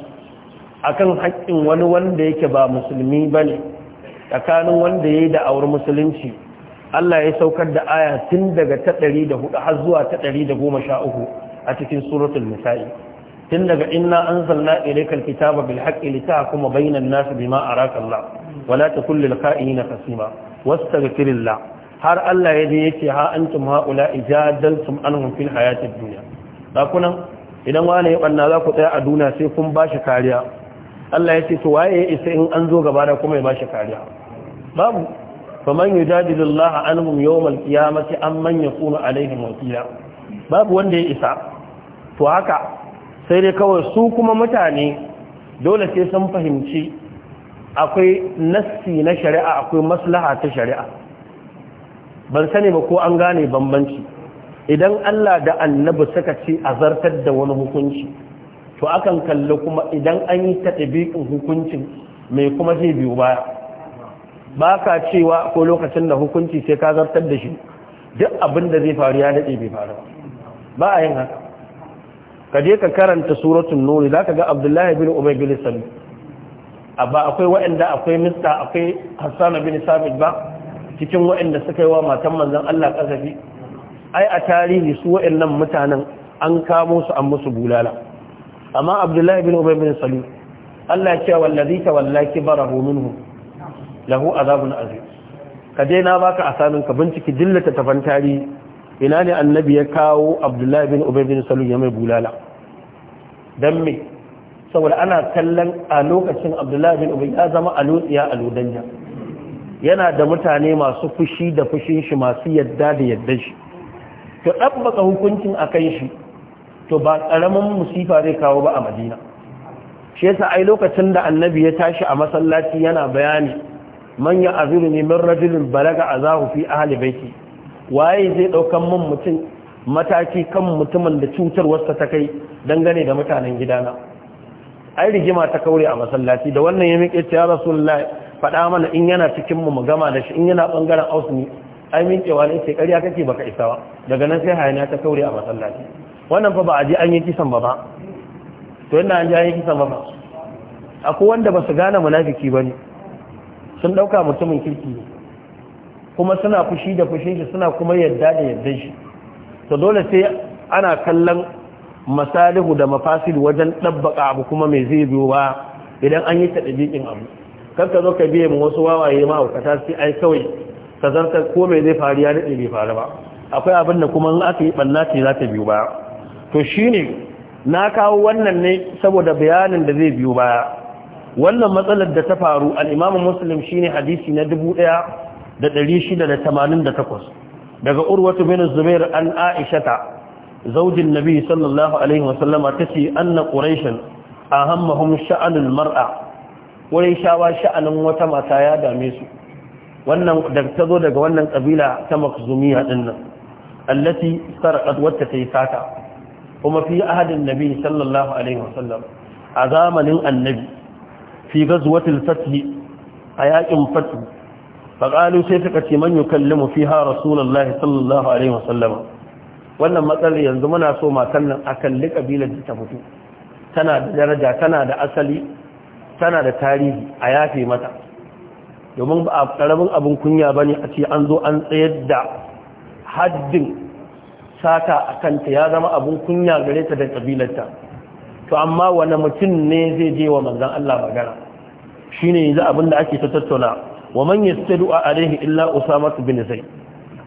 akan haƙƙin wani wanda yake ba musulmi bane tsakanin wanda yayi da aure musulunci Allah ya saukar da aya tun daga ta hudu har zuwa ta ɗari da goma sha uku a cikin suratul nisa'i tun daga inna anzalna ilaykal kitaba bil haqqi litahkuma bainan nas bima araka Allah wala takul lil kha'inina qasima wastaghfirillah har Allah ya je yace ha antum haula ijadaltum anhum fil hayatid dunya dakunan idan wani ya banna za ku tsaya a duniya sai kun bashi kariya Allah ya ce to waye ya isa in an zo gaba da kuma ya ba shi kariya babu faman yujadilullaha anhum yawmal qiyamati amman yakunu alaihim wakila babu wanda ya isa to haka sai dai kawai su kuma mutane dole sai sun fahimci akwai nassi na shari'a akwai maslaha ta shari'a ban sani ba ko an gane bambanci idan Allah da annabi suka ci a zartar da wani hukunci to akan kalli kuma idan an yi ta hukuncin mai kuma zai biyu baya ba ka cewa ko lokacin da hukunci sai ka zartar da shi duk abin da zai faru ya daɗe bai faru ba a yin haka ka je ka karanta suratun nuri za ka ga abdullahi bin umar bin sami ba akwai wa'anda akwai mista akwai hassan bin sabit ba cikin wa'anda suka yi wa matan manzan allah ƙasafi ai a tarihi su wa'annan mutanen an kamo su an musu bulala amma abdullahi bin umar bin sami allah ya ce wallazi ta wallaki barahu minhu lahu azabun azim ka je na baka asalin ka binciki dillata tafan tarihi ina ne annabi ya kawo abdullahi bin ubay bin salul ya mai bulala dan me saboda ana kallon a lokacin abdullahi bin ubay ya zama alutsiya aludanja yana da mutane masu fushi da fushin shi masu yadda da yadda shi to dabbaka hukuncin akan shi to ba ƙaramin musifa zai kawo ba a madina shi yasa ai lokacin da annabi ya tashi a masallaci yana bayani man ya aziru ne min rajulin balaga a zahu fi ahali baiti waye zai ɗaukan man mutum mataki kan mutumin da cutar wasta ta kai dangane da mutanen gidana ai rigima ta kaure a masallaci da wannan ya miƙe ta rasulullah faɗa mana in yana cikin mu gama da shi in yana ɓangaren ausni ai miƙewa ne ce ƙarya kake baka isa ba daga nan sai hayana ta kaure a masallaci wannan fa ba a ji an yi kisan ba ba to yana an ji an yi kisan ba ba akwai wanda ba su gane munafiki ba ne sun ɗauka mutumin kirki ne kuma suna fushi da fushin shi suna kuma yadda da yadda shi to dole sai ana kallon masalihu da mafasil wajen ɗabbaƙa abu kuma mai zai biyo ba idan an yi ɗabi'in abu kar ka zo ka biya mu wasu wawaye ma sai ai kawai ka zarta ko mai zai faru ya daɗe bai faru ba akwai abin da kuma in aka yi ɓanna ce za ta biyo ba to shine na kawo wannan ne saboda bayanin da zai biyo baya wannan matsalar da ta faru al musulun muslim shine hadisi na 1688 daga urwatu bin zubair an aishata zaujin nabi sallallahu alaihi wasallama tace anna quraishan ahammahum sha'anul mar'a shawa sha'anin wata mata ya dame su wannan da ta zo daga wannan kabila ta makzumiya dinnan allati sarqat wata yi sata kuma fi ahadin nabi sallallahu alaihi wasallam a zamanin annabi fi gazwatul fathi a yakin fathi faqalu sai suka ce man yukallimu fiha rasulullahi sallallahu alaihi wasallam wannan matsalar yanzu muna so matan nan A kalli kabilar da ta fito tana da daraja tana da asali tana da tarihi a yafe mata domin ba a ƙaramin abin kunya bane a ce an zo an tsayar da haddin sata a kanta ya zama abin kunya gare ta da kabilarta to amma wani mutum ne zai je wa manzan Allah magana shine yanzu abin da ake ta tattauna wa man a alaihi illa usama bin zaid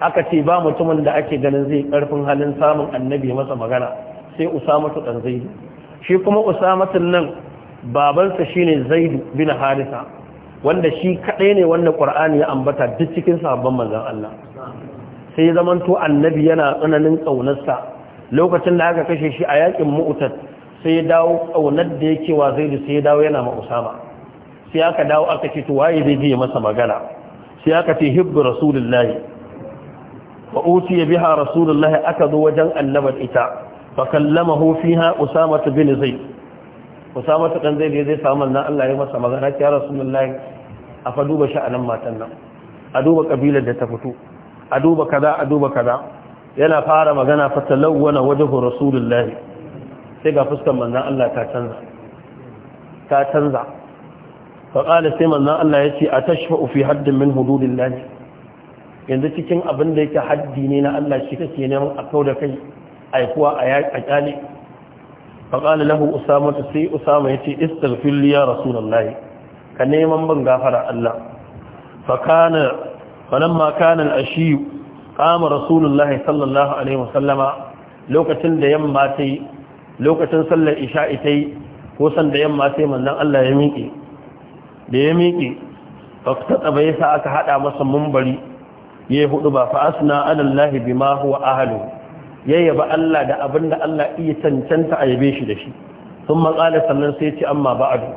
aka ce ba mutumin da ake ganin zai karfin halin samun annabi masa magana sai usama dan Zaidu. shi kuma usama nan babansa shine Zaidu, bin harisa wanda shi kadai ne wanda qur'ani ya ambata duk cikin sahabban manzon Allah sai zamanto annabi yana tsananin kaunarsa lokacin da aka kashe shi a yakin mu'tad sai ya dawo kaunar da yake wa zaidu sai ya dawo yana ma usama sai aka dawo aka ce to waye zai je masa magana sai aka ce hibbu rasulullahi wa utiya biha rasulullahi aka zo wajen annabar ita fa kallamahu fiha usama bin zaid usama dan zaid zai samu nan Allah ya masa magana ya rasulullahi a fa duba sha'anin matan nan a duba kabilar da ta fito a duba kaza a duba kaza yana fara magana fa talawwana wajhu rasulullahi sai ga fuskar manzon Allah ta canza ta canza faƙala sai manzan Allah ya ce a tashfa ufi haddin min hududin lafi yanzu cikin abin da yake haddi ne na Allah shi kake neman a kau da kai aikuwa a kyale faƙala lahu usama ta sai usama ya ce istaghfir li ya rasulullahi ka neman ban gafara Allah Faƙanar fakana falamma kana al-ashi qama rasulullahi sallallahu alaihi wasallama lokacin da yamma tai lokacin sallar isha'i tai ko san da yamma sai manzon Allah ya miƙe da ya miƙe faktatsa ya sa aka haɗa masa mumbari ya yi hudu ba fa asna bi bima huwa ahlu ya yaba Allah da abin da Allah iya cancanta a yabe shi da shi sun matsala sannan sai ce amma ba'adu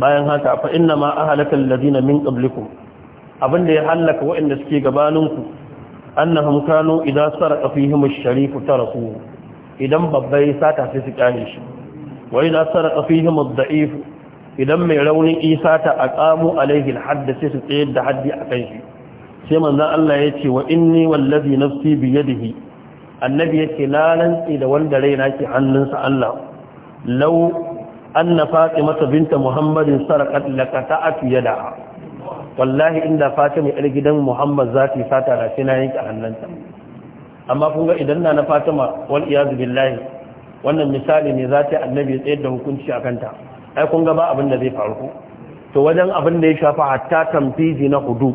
bayan haka fa inna ma ahalakan ladina min qablikum abin da ya hallaka waɗanda suke gabaninku annahum kanu idza sarqa fihim ash-sharif taraku idan babbai sata sai su kyale shi wa idza sarqa fihim ad-da'if idan mai raunin isa ta ƙamu alaihi alhadd sai su tsayar da haddi a kan sai manzon Allah ya ce wa inni wallazi nafsi bi yadihi annabi yake lalantsi da wanda raina ke hannunsa Allah na fati fatimata binta muhammadin sarqat da yadaha wallahi inda fatima yar gidan muhammad zati sata na shi na yanke hannunta amma kun ga idan na fatima wal iyaz billahi wannan misali ne zati annabi ya tsayar da hukunci a kanta. ai kun ga ba abin da zai faru to wajen abin da ya shafa hatta tamfizi na hudu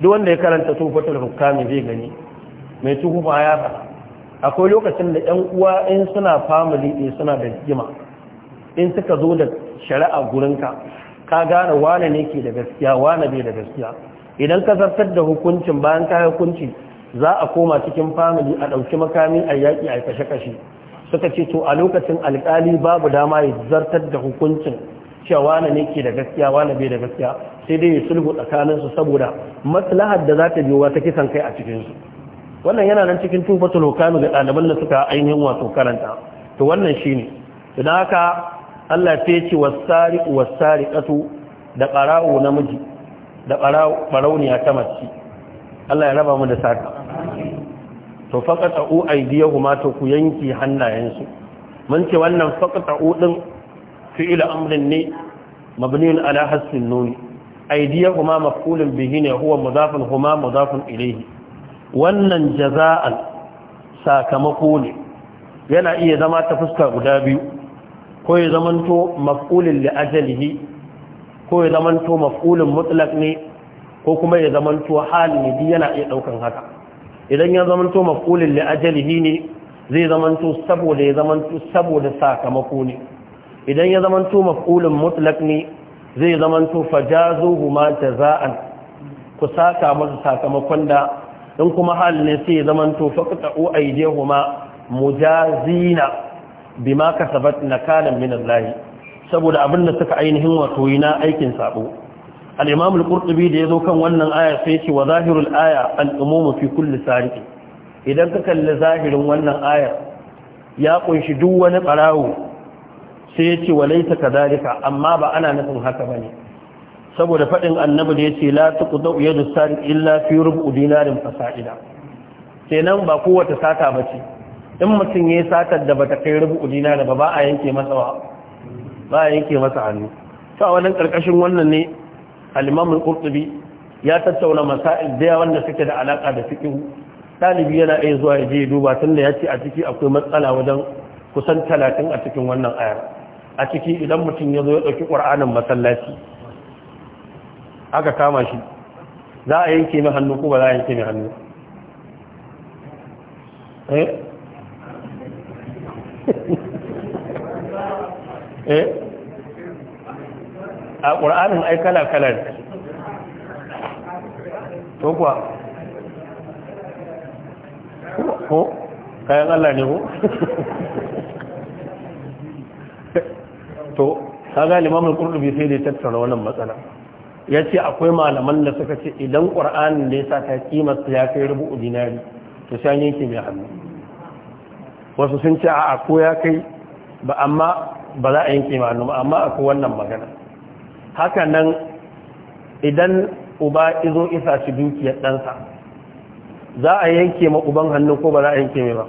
duk wanda ya karanta tufatul hukami zai gani mai tuhufa ya ba akwai lokacin da yan uwa in suna family din suna da jima in suka zo da shari'a gurinka ka gane wane ne ke da gaskiya wane bai da gaskiya idan ka zartar da hukuncin bayan ka hukunci za a koma cikin family a ɗauki makami a yaƙi a kashe-kashe suka ce to a lokacin alkali babu dama ya zartar da hukuncin cewa wani ne ke da gaskiya wani bai da gaskiya sai dai ya sulhu tsakaninsu saboda maslahar da za ta biyo wata kisan kai a cikinsu wannan yana nan cikin tufatul hukami ga ɗaliban da suka ainihin wato karanta to wannan shi shine idan haka Allah sai ce wasariqu wasariqatu da ƙarawo namiji da qara'u ta mace Allah ya raba mu da saka to faqata'u kuma to ku yanki hannayensu mun ce wannan faqata'u din fi'il amrin ne mabniun ala hasbin nun kuma maf'ulun bihi ne huwa mudafun huma mudafun ilayhi wannan jaza'an sakamako ne yana iya zama ta fuska guda biyu ko ya zamanto maf'ulun li ko ya zamanto ne ko kuma ya zamanto hali ne yana iya ɗaukan haka idan ya zamanto makulin li ne zai zamanto saboda ya zamanto saboda sakamako ne idan ya zamanto maf'ulin mutlak ne zai zamanto fajazuhu ma jaza'an ku saka masa sakamakon da in kuma hal ne sai ya zamanto faqta'u aydihuma mujazina bima kasabat nakalan min Allah saboda abinda suka ainihin wato yi na aikin sabo al-imam da ya zo kan wannan aya sai ce wa zahirul aya al-umum fi kulle sariq idan ka kalli zahirin wannan ayar ya ƙunshi duk wani barawo sai yace ka zalika, amma ba ana nufin haka ne, saboda faɗin annabi da yace la tuqdu yadu sariq illa fi rubu dinarin fasaida nan ba kowace sata ce, in mutum yayi satar da bata kai rubu dinarin ba ba a yanke masa ba a yanke masa hannu sa wannan karkashin wannan ne al-imam al ya tattauna masail da yawan da suke da alaka da fiqh talibi yana iya zuwa ya je ya duba tunda ya ce a ciki akwai matsala wajen kusan talatin a cikin wannan ayar a ciki idan mutum ya zo ya dauki qur'anin masallaci aka kama shi za a yanke mai hannu ko ba za a yanke mai hannu eh eh a ƙur'anin ai kala-kalar to kuwa ko kayan Allah ne ko to kaga limamul qurtubi sai da tattara wannan matsala yace akwai malaman da suka ce idan qur'anin da sa ta kimar ya kai rubu dinari to sai yanke mai hannu wasu sun ce a'a ko ya kai ba amma ba za a yanke mai hannu amma akwai wannan magana haka nan idan uba izo isa shi dukiyar ɗansa za a yanke ma uban hannu ko ba za a yanke mai ba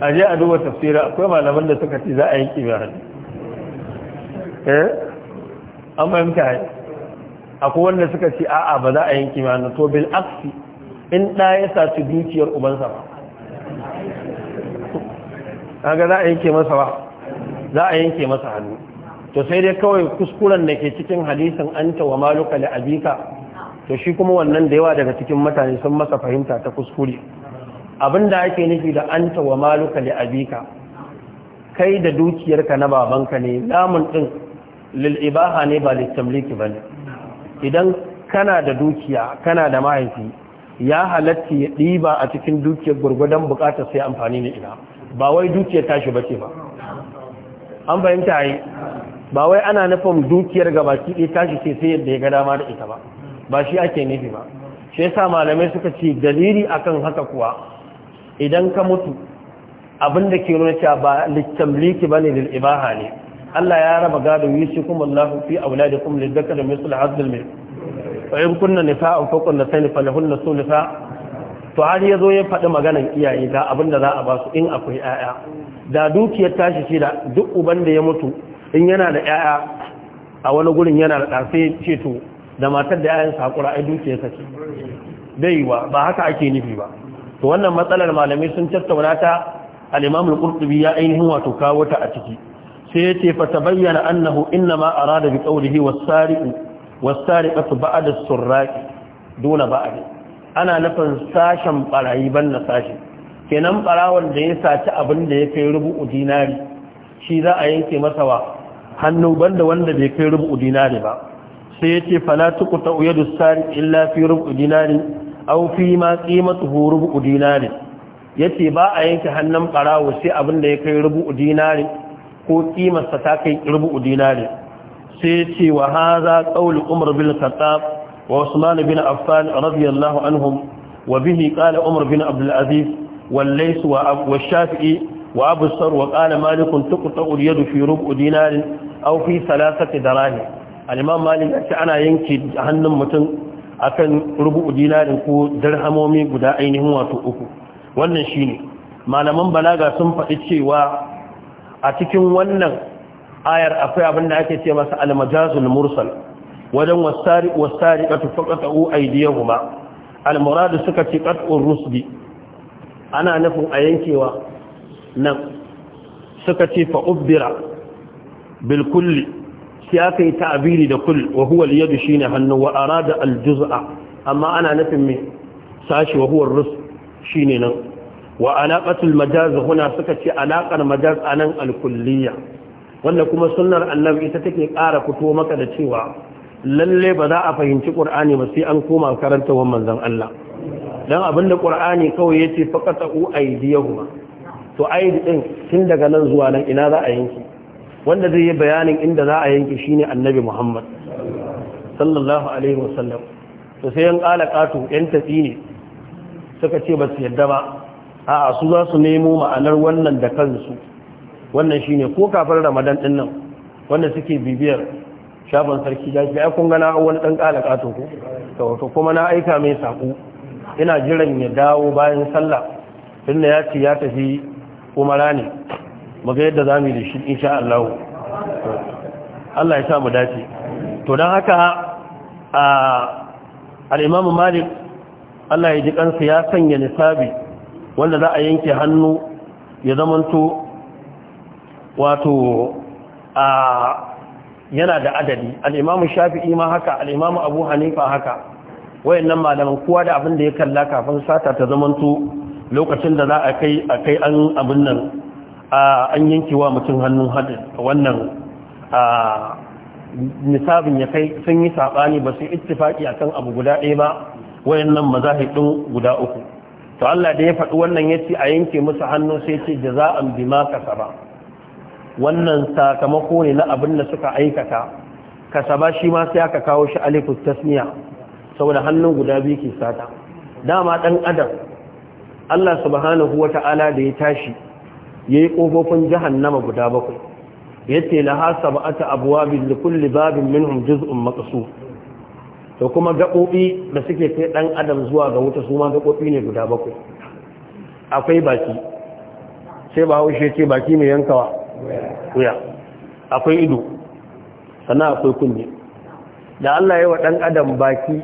a je a duba tafsira akwai malaman da suka ce za a yanke mai hannu eh an fahimta haini akwai wanda suka ce a'a ba za a yanke mai hannu to bil aksi in ɗaya saci dukiyar ubansa ba kaga za a yanke masa ba za a yanke masa hannu to sai dai kawai kuskuren da ke cikin hadisin an wa maluka da abika to shi kuma wannan da yawa daga cikin mutane sun masa fahimta ta kuskure abinda ake nufi da an wa maluka da abika kai da dukiyarka na babanka ne lamun din lil ne ba lil tamliki bane idan kana da dukiya kana da mahaifi ya halatta ya ɗiba a cikin dukiyar gurgudan bukatar sai amfani da ina ba wai dukiyar tashi ba ce ba an fahimta yi ba wai ana nufin dukiyar gabaki ɗaya tashi ce sai yadda ya ga dama da ita ba ba shi ake nufi ba shi yasa malamai suka ce dalili akan haka kuwa idan ka mutu abin da ke nuna cewa ba littamliki bane ne lil'ibaha ne Allah ya raba gado kuma allah fi da kuma lidhakari da mai mil mai in kunna nisa'an fawqa nisa'in falahunna nisa. to har ya zo ya faɗi maganan iyaye ga abin da za a ba su in akwai 'ya'ya da dukiyar tashi ce da duk uban da ya mutu in yana da 'ya'ya a wani gurin yana da ɗarfe ceto da matar da 'ya'yansa haƙura ai dukiyar ta ce ba haka ake nufi ba to wannan matsalar malamai sun tattauna ta al-imam ya ainihin wato kawo ta a ciki sai ce fa bayyana annahu inma arada bi qawlihi was-sariqu a sariqatu ba'da as-surraqi duna ana nufin sashen barayi ban na sashi kenan barawon da ya saci abin da ya kai rubu dinari shi za a yanke masa wa hannu banda wanda bai kai rubu dinari ba sai ya ce fala tukuta yadu sari illa fi rubu dinari aw fi ma qimatu rubu dinari yace ba a yanke hannun barawo sai abin da ya kai rubu dinari ko kimarsa ta kai rubu dinari sai ya ce wa hadha qawlu umar bil khattab وعثمان بن عفان رضي الله عنهم وبه قال عمر بن عبد العزيز والليث والشافعي وأبو السر وقال مالك تقطع اليد في ربع دينار أو في ثلاثة دراهم الإمام مالك أنا ينكي جهنم متن أكن ربع دينار كو درهمومي قد أينه وتؤكو wannan shine malaman balaga sun faɗi cewa a cikin wannan ayar akwai abin da ake ce masa al-majazul mursal wajen wasari wasari qatu faqatu aydiyahuma al-murad suka ce qatu rusbi, ana nufin a yankewa nan suka ce fa bilkulli. bil kulli sai aka yi ta'abiri da kulli, wa huwa al-yad shine hannu wa arada al-juz'a amma ana nufin mai sashi wahuwar rus shi ne nan wa alaqatul majaz huna suka ce alaqar majaz a nan kulliyya wanda kuma sunnar annabi ita take ƙara fito maka da cewa lalle ba za a fahimci ƙur'ani ba sai an koma karanta wa manzan Allah don da ƙur'ani kawai ya ce faƙata u ba. to aidi ɗin tun daga nan zuwa nan ina za a yanki wanda zai yi bayanin inda za a yanki shine annabi muhammad sallallahu alaihi wasallam to sai yan ƙala ƙato yan tafi ne suka ce ba su yadda ba a'a su za su nemo ma'anar wannan da kansu wannan shine ko kafin ramadan ɗin wanda suke bibiyar shafin sarki ya ai kun gana a wani ƙala kala ku? ko to kuma na aika mai saƙo ina jiran ya dawo bayan sallah da ya ce ya tafi umara ne mu ga yadda zamu da shi insha Allah Allah ya sa mu dace to don haka a Malik Allah ya ji kansa ya sanya nisabi wanda za a yanke hannu ya zamanto wato yana da adadi al'imamu shafi'i ma haka al'imamu abu hanifa haka wayannan malaman kowa da abin da ya kalla kafin sata ta zamanto lokacin da za a kai a kai an abin nan an yanke wa mutum hannun wannan nisabin ya kai sun yi saɓani ba su ittifaki a kan abu guda ɗaya ba wayannan mazahidin guda uku to Allah da ya faɗi wannan ya ce a yanke musu hannu sai ce jaza'an bima kasaba wannan sakamako ne na abin da suka aikata kasaba shi ma sai aka kawo shi alifus tasniya saboda hannun guda biyu ke sata dama dan adam Allah subhanahu wata'ala da ya tashi yayi kofofin jahannama guda bakwai yace la hasabata abwabin li kulli babin minhum juz'un maqsu to kuma gabobi da suke kai dan adam zuwa ga wuta su ma gabobi ne guda bakwai akwai baki sai ba shi ce baki mai yankawa wuya akwai ido sannan akwai kunne da Allah ya wa ɗan adam baki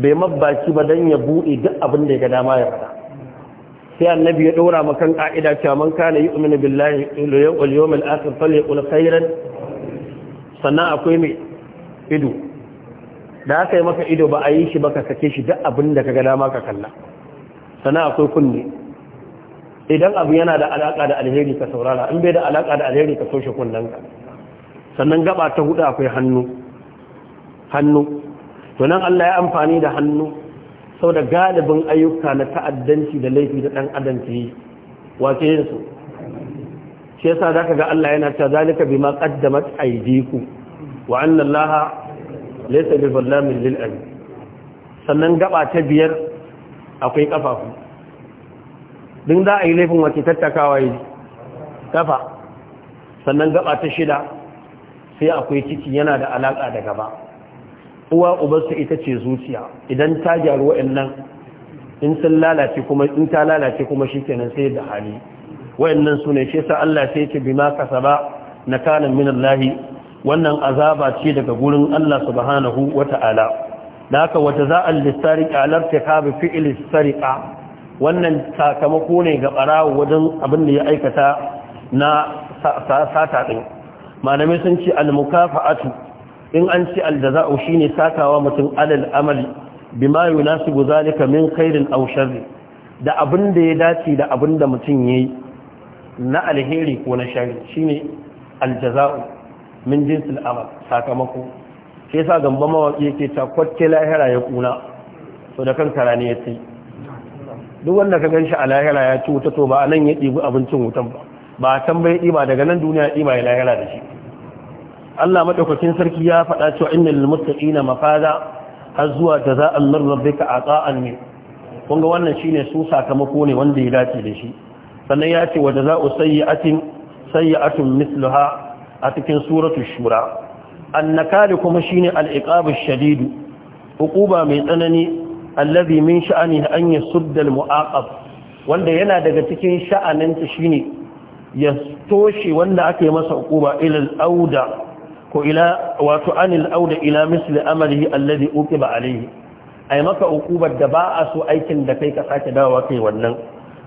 bai mabbaki ba don ya buɗe duk abin da ya ga dama ya fada sai annabi ya ɗora makan ƙa'ida cewa man kana yi umini billahi wal yawmil akhir falyaqul khairan sannan akwai mai ido da aka yi maka ido ba a yi shi ba ka sake shi duk abin da ka ga dama ka kalla sannan akwai kunne idan abu yana da alaka da alheri ka saurara in bai da alaka da alheri ka soshe kullun ka sannan gaba ta hudu akwai hannu hannu to nan Allah ya amfani da hannu saboda galibin ayyuka na ta'addanci da laifi da dan adam ke yi wace ne su shi yasa zaka ga Allah yana ta zalika bima qaddamat aydiku wa anna Allah laysa bi zallamin lil sannan gaba ta biyar akwai kafafu duk za a yi laifin wace tattakawa yi kafa sannan gaba ta shida sai akwai ciki yana da alaƙa da gaba uwa ubarsa ita ce zuciya idan ta gyaru wa'annan in sun lalace kuma in ta lalace kuma shikenan sai da hali wa'annan su ne shi Allah sai ce bima kasaba nakana min Allah wannan azaba ce daga gurin Allah subhanahu wata'ala da haka wata za'al lisariqa alartikabi fi'il sariqa wannan sakamako ne ga ɓarawo wajen abin da ya aikata na sata din malamai sun ce al-mukafa'atu in an ci Aljaza'u shine sakawa mutum alal amali bima yunasibu zalika min khairin aw sharri da abin da ya dace da abin da mutum yayi na alheri ko na shari shine aljaza'u min jinsil amal sakamako sai sa gamba mawaki yake ta kwakke lahira ya kuna to da kan karani ya tsaye duk wanda ka ganshi a lahira ya ci wuta to ba nan ya ɗibi abincin wutan ba ba a tambaye ɗiba daga nan duniya ɗiba ya lahira da shi Allah madaukakin sarki ya faɗa cewa innal muttaqina mafaza har zuwa jaza'an min rabbika ata'an min kun ga wannan shine su sakamako ne wanda ya dace da shi sannan ya ce wa jaza'u sayyi'atin sayyi'atun misluha a cikin suratu shura annakali kuma shine al-iqabu shadid hukuba mai tsanani alladhi min sha'ani an yasudda al-mu'aqab wanda yana daga cikin sha'aninta shine ya toshe wanda aka masa hukuma ila al-auda ko ila wato anil auda ila misli amalihi alladhi uqiba alayhi ay maka hukubar da ba a so aikin da kai ka sake dawowa kai wannan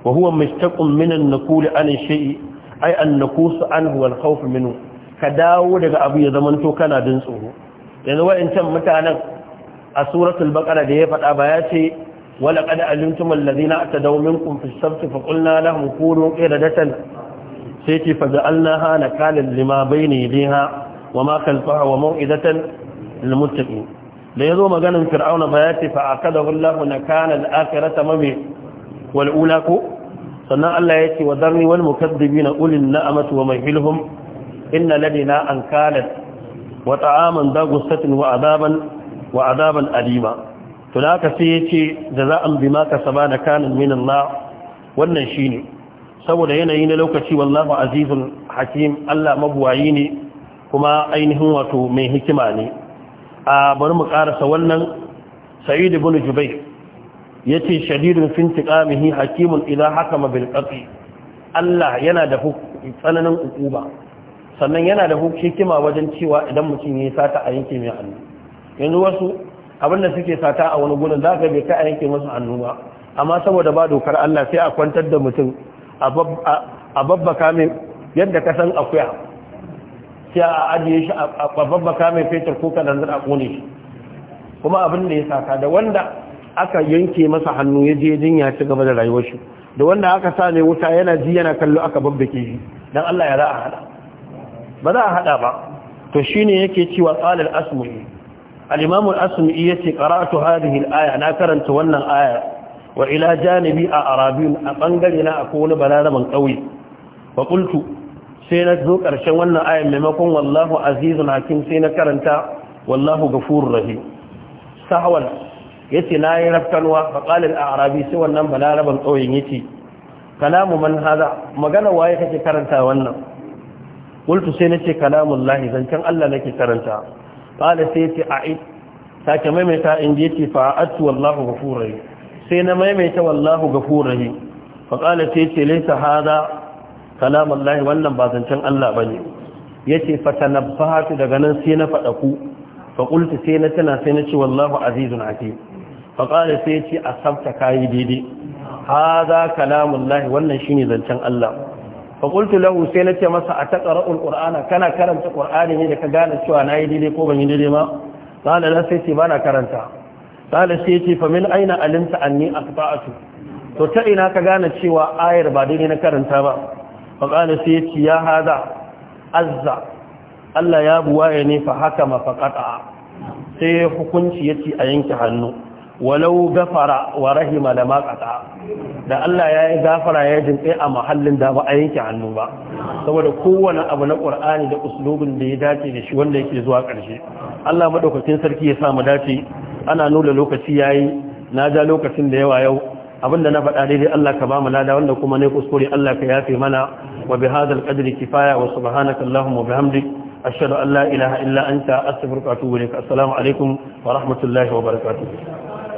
wa huwa mustaqim min an-nuqul an shay'i ay an-nuqus anhu wal khawf minhu ka dawo daga abu ya zamanto kana din tsoro yanzu wa'ancan mutanen a suratul baqara da ya faɗa baya ya ce wala qad alimtum alladhina atadaw minkum fi as-sabti fa qulna lahum kunu qiradatan sai ce fa ja'alna hana kalil lima baini biha wa ma khalfaha wa maw'idatan lil muttaqin da yazo maganan fir'auna fa ya ce fa akadahu allahu nakana al-akhirata mabi wal ku sannan allah ya ce wa darni wal mukaddibina ulin na'amati mai mahilhum inna ladina an kalat wa ta'aman da gustatin wa adaban wa azaban alima to da haka sai yace jaza'an bima kasabana kana min Allah wannan shine saboda yanayi na lokaci wallahu azizun hakim Allah mabuwayi ne kuma ainihin wato mai hikima ne a bari mu karasa wannan sa'id ibn jubayr yace shadidun fi intiqamihi hakimun idha hakama bil qati Allah yana da tsananin ukuba sannan yana da hikima wajen cewa idan mutum ya sata a yanke mai hannu yanzu wasu abin da suke sata a wani gudun za ka bai ka a yanke masu hannu ba amma saboda ba dokar Allah sai a kwantar da mutum a babbaka mai yadda ka san akuya sai a ajiye shi a babbaka mai fetur ko kanan a kone shi kuma abin da ya sata da wanda aka yanke masa hannu ya je jinya ci gaba da rayuwar shi da wanda aka sa ne wuta yana ji yana kallo aka babbake shi dan Allah ya za a hada ba za a hada ba to shine yake cewa qalil asmuni Alimamu imam ya ce yace qara'tu aya na karanta wannan aya wa ila janibi a arabin a bangare na akwai wani balaraban kauye fa sai na zo ƙarshen wannan aya maimakon wallahu azizun hakim sai na karanta wallahu ghafurur rahim ya ce na yi rafkanwa fa qala al-arabi sai wannan balaraban ya ce kalamu man hada magana waye kake karanta wannan Ƙultu sai nace kalamullahi zancen Allah nake karanta ƙala sai ce a it sake maimaita in je ce fa'atu wallahu gafurari sai na maimaita wallahu gafurari fa ƙala sai ce laisa hada kalamun lahi wannan ba zancen Allah ba ne ya ce na fatanabbatu daga nan sai na faɗa ku fa ƙulta sai na tana sai na ce wallahu azizun ake fa ƙala sai ce a sabta kayi daidai hada kalamun lahi wannan shine zancen Allah fa qultu lahu sai nace masa a taqra'ul qur'ana kana karanta qur'ani ne da ka gane cewa nayi daidai ko ban yi daidai ba qala la sai ce bana karanta qala sai ce fa min aina alimta anni aqta'atu to ta ina ka gane cewa ayar ba daidai na karanta ba fa qala sai ce ya hada azza Allah ya buwaye ne fa haka mafaqata sai hukunci yace a yanke hannu walau gafara wa rahima da makata da Allah ya yi gafara ya jin a mahallin da ba a yanke hannu ba saboda kowane abu na ƙur'ani da uslubin da ya dace da shi wanda yake zuwa ƙarshe Allah madaukakin sarki ya sa mu dace ana nuna lokaci yayi na ja lokacin da yawa yau abinda na faɗa daidai Allah ka ba mu lada wanda kuma ne kuskure Allah ka yafe mana wa bi hadal qadri kifaya wa subhanaka allahumma wa bihamdik ashhadu an la ilaha illa anta astaghfiruka wa atubu ilaik assalamu alaikum wa rahmatullahi wa barakatuh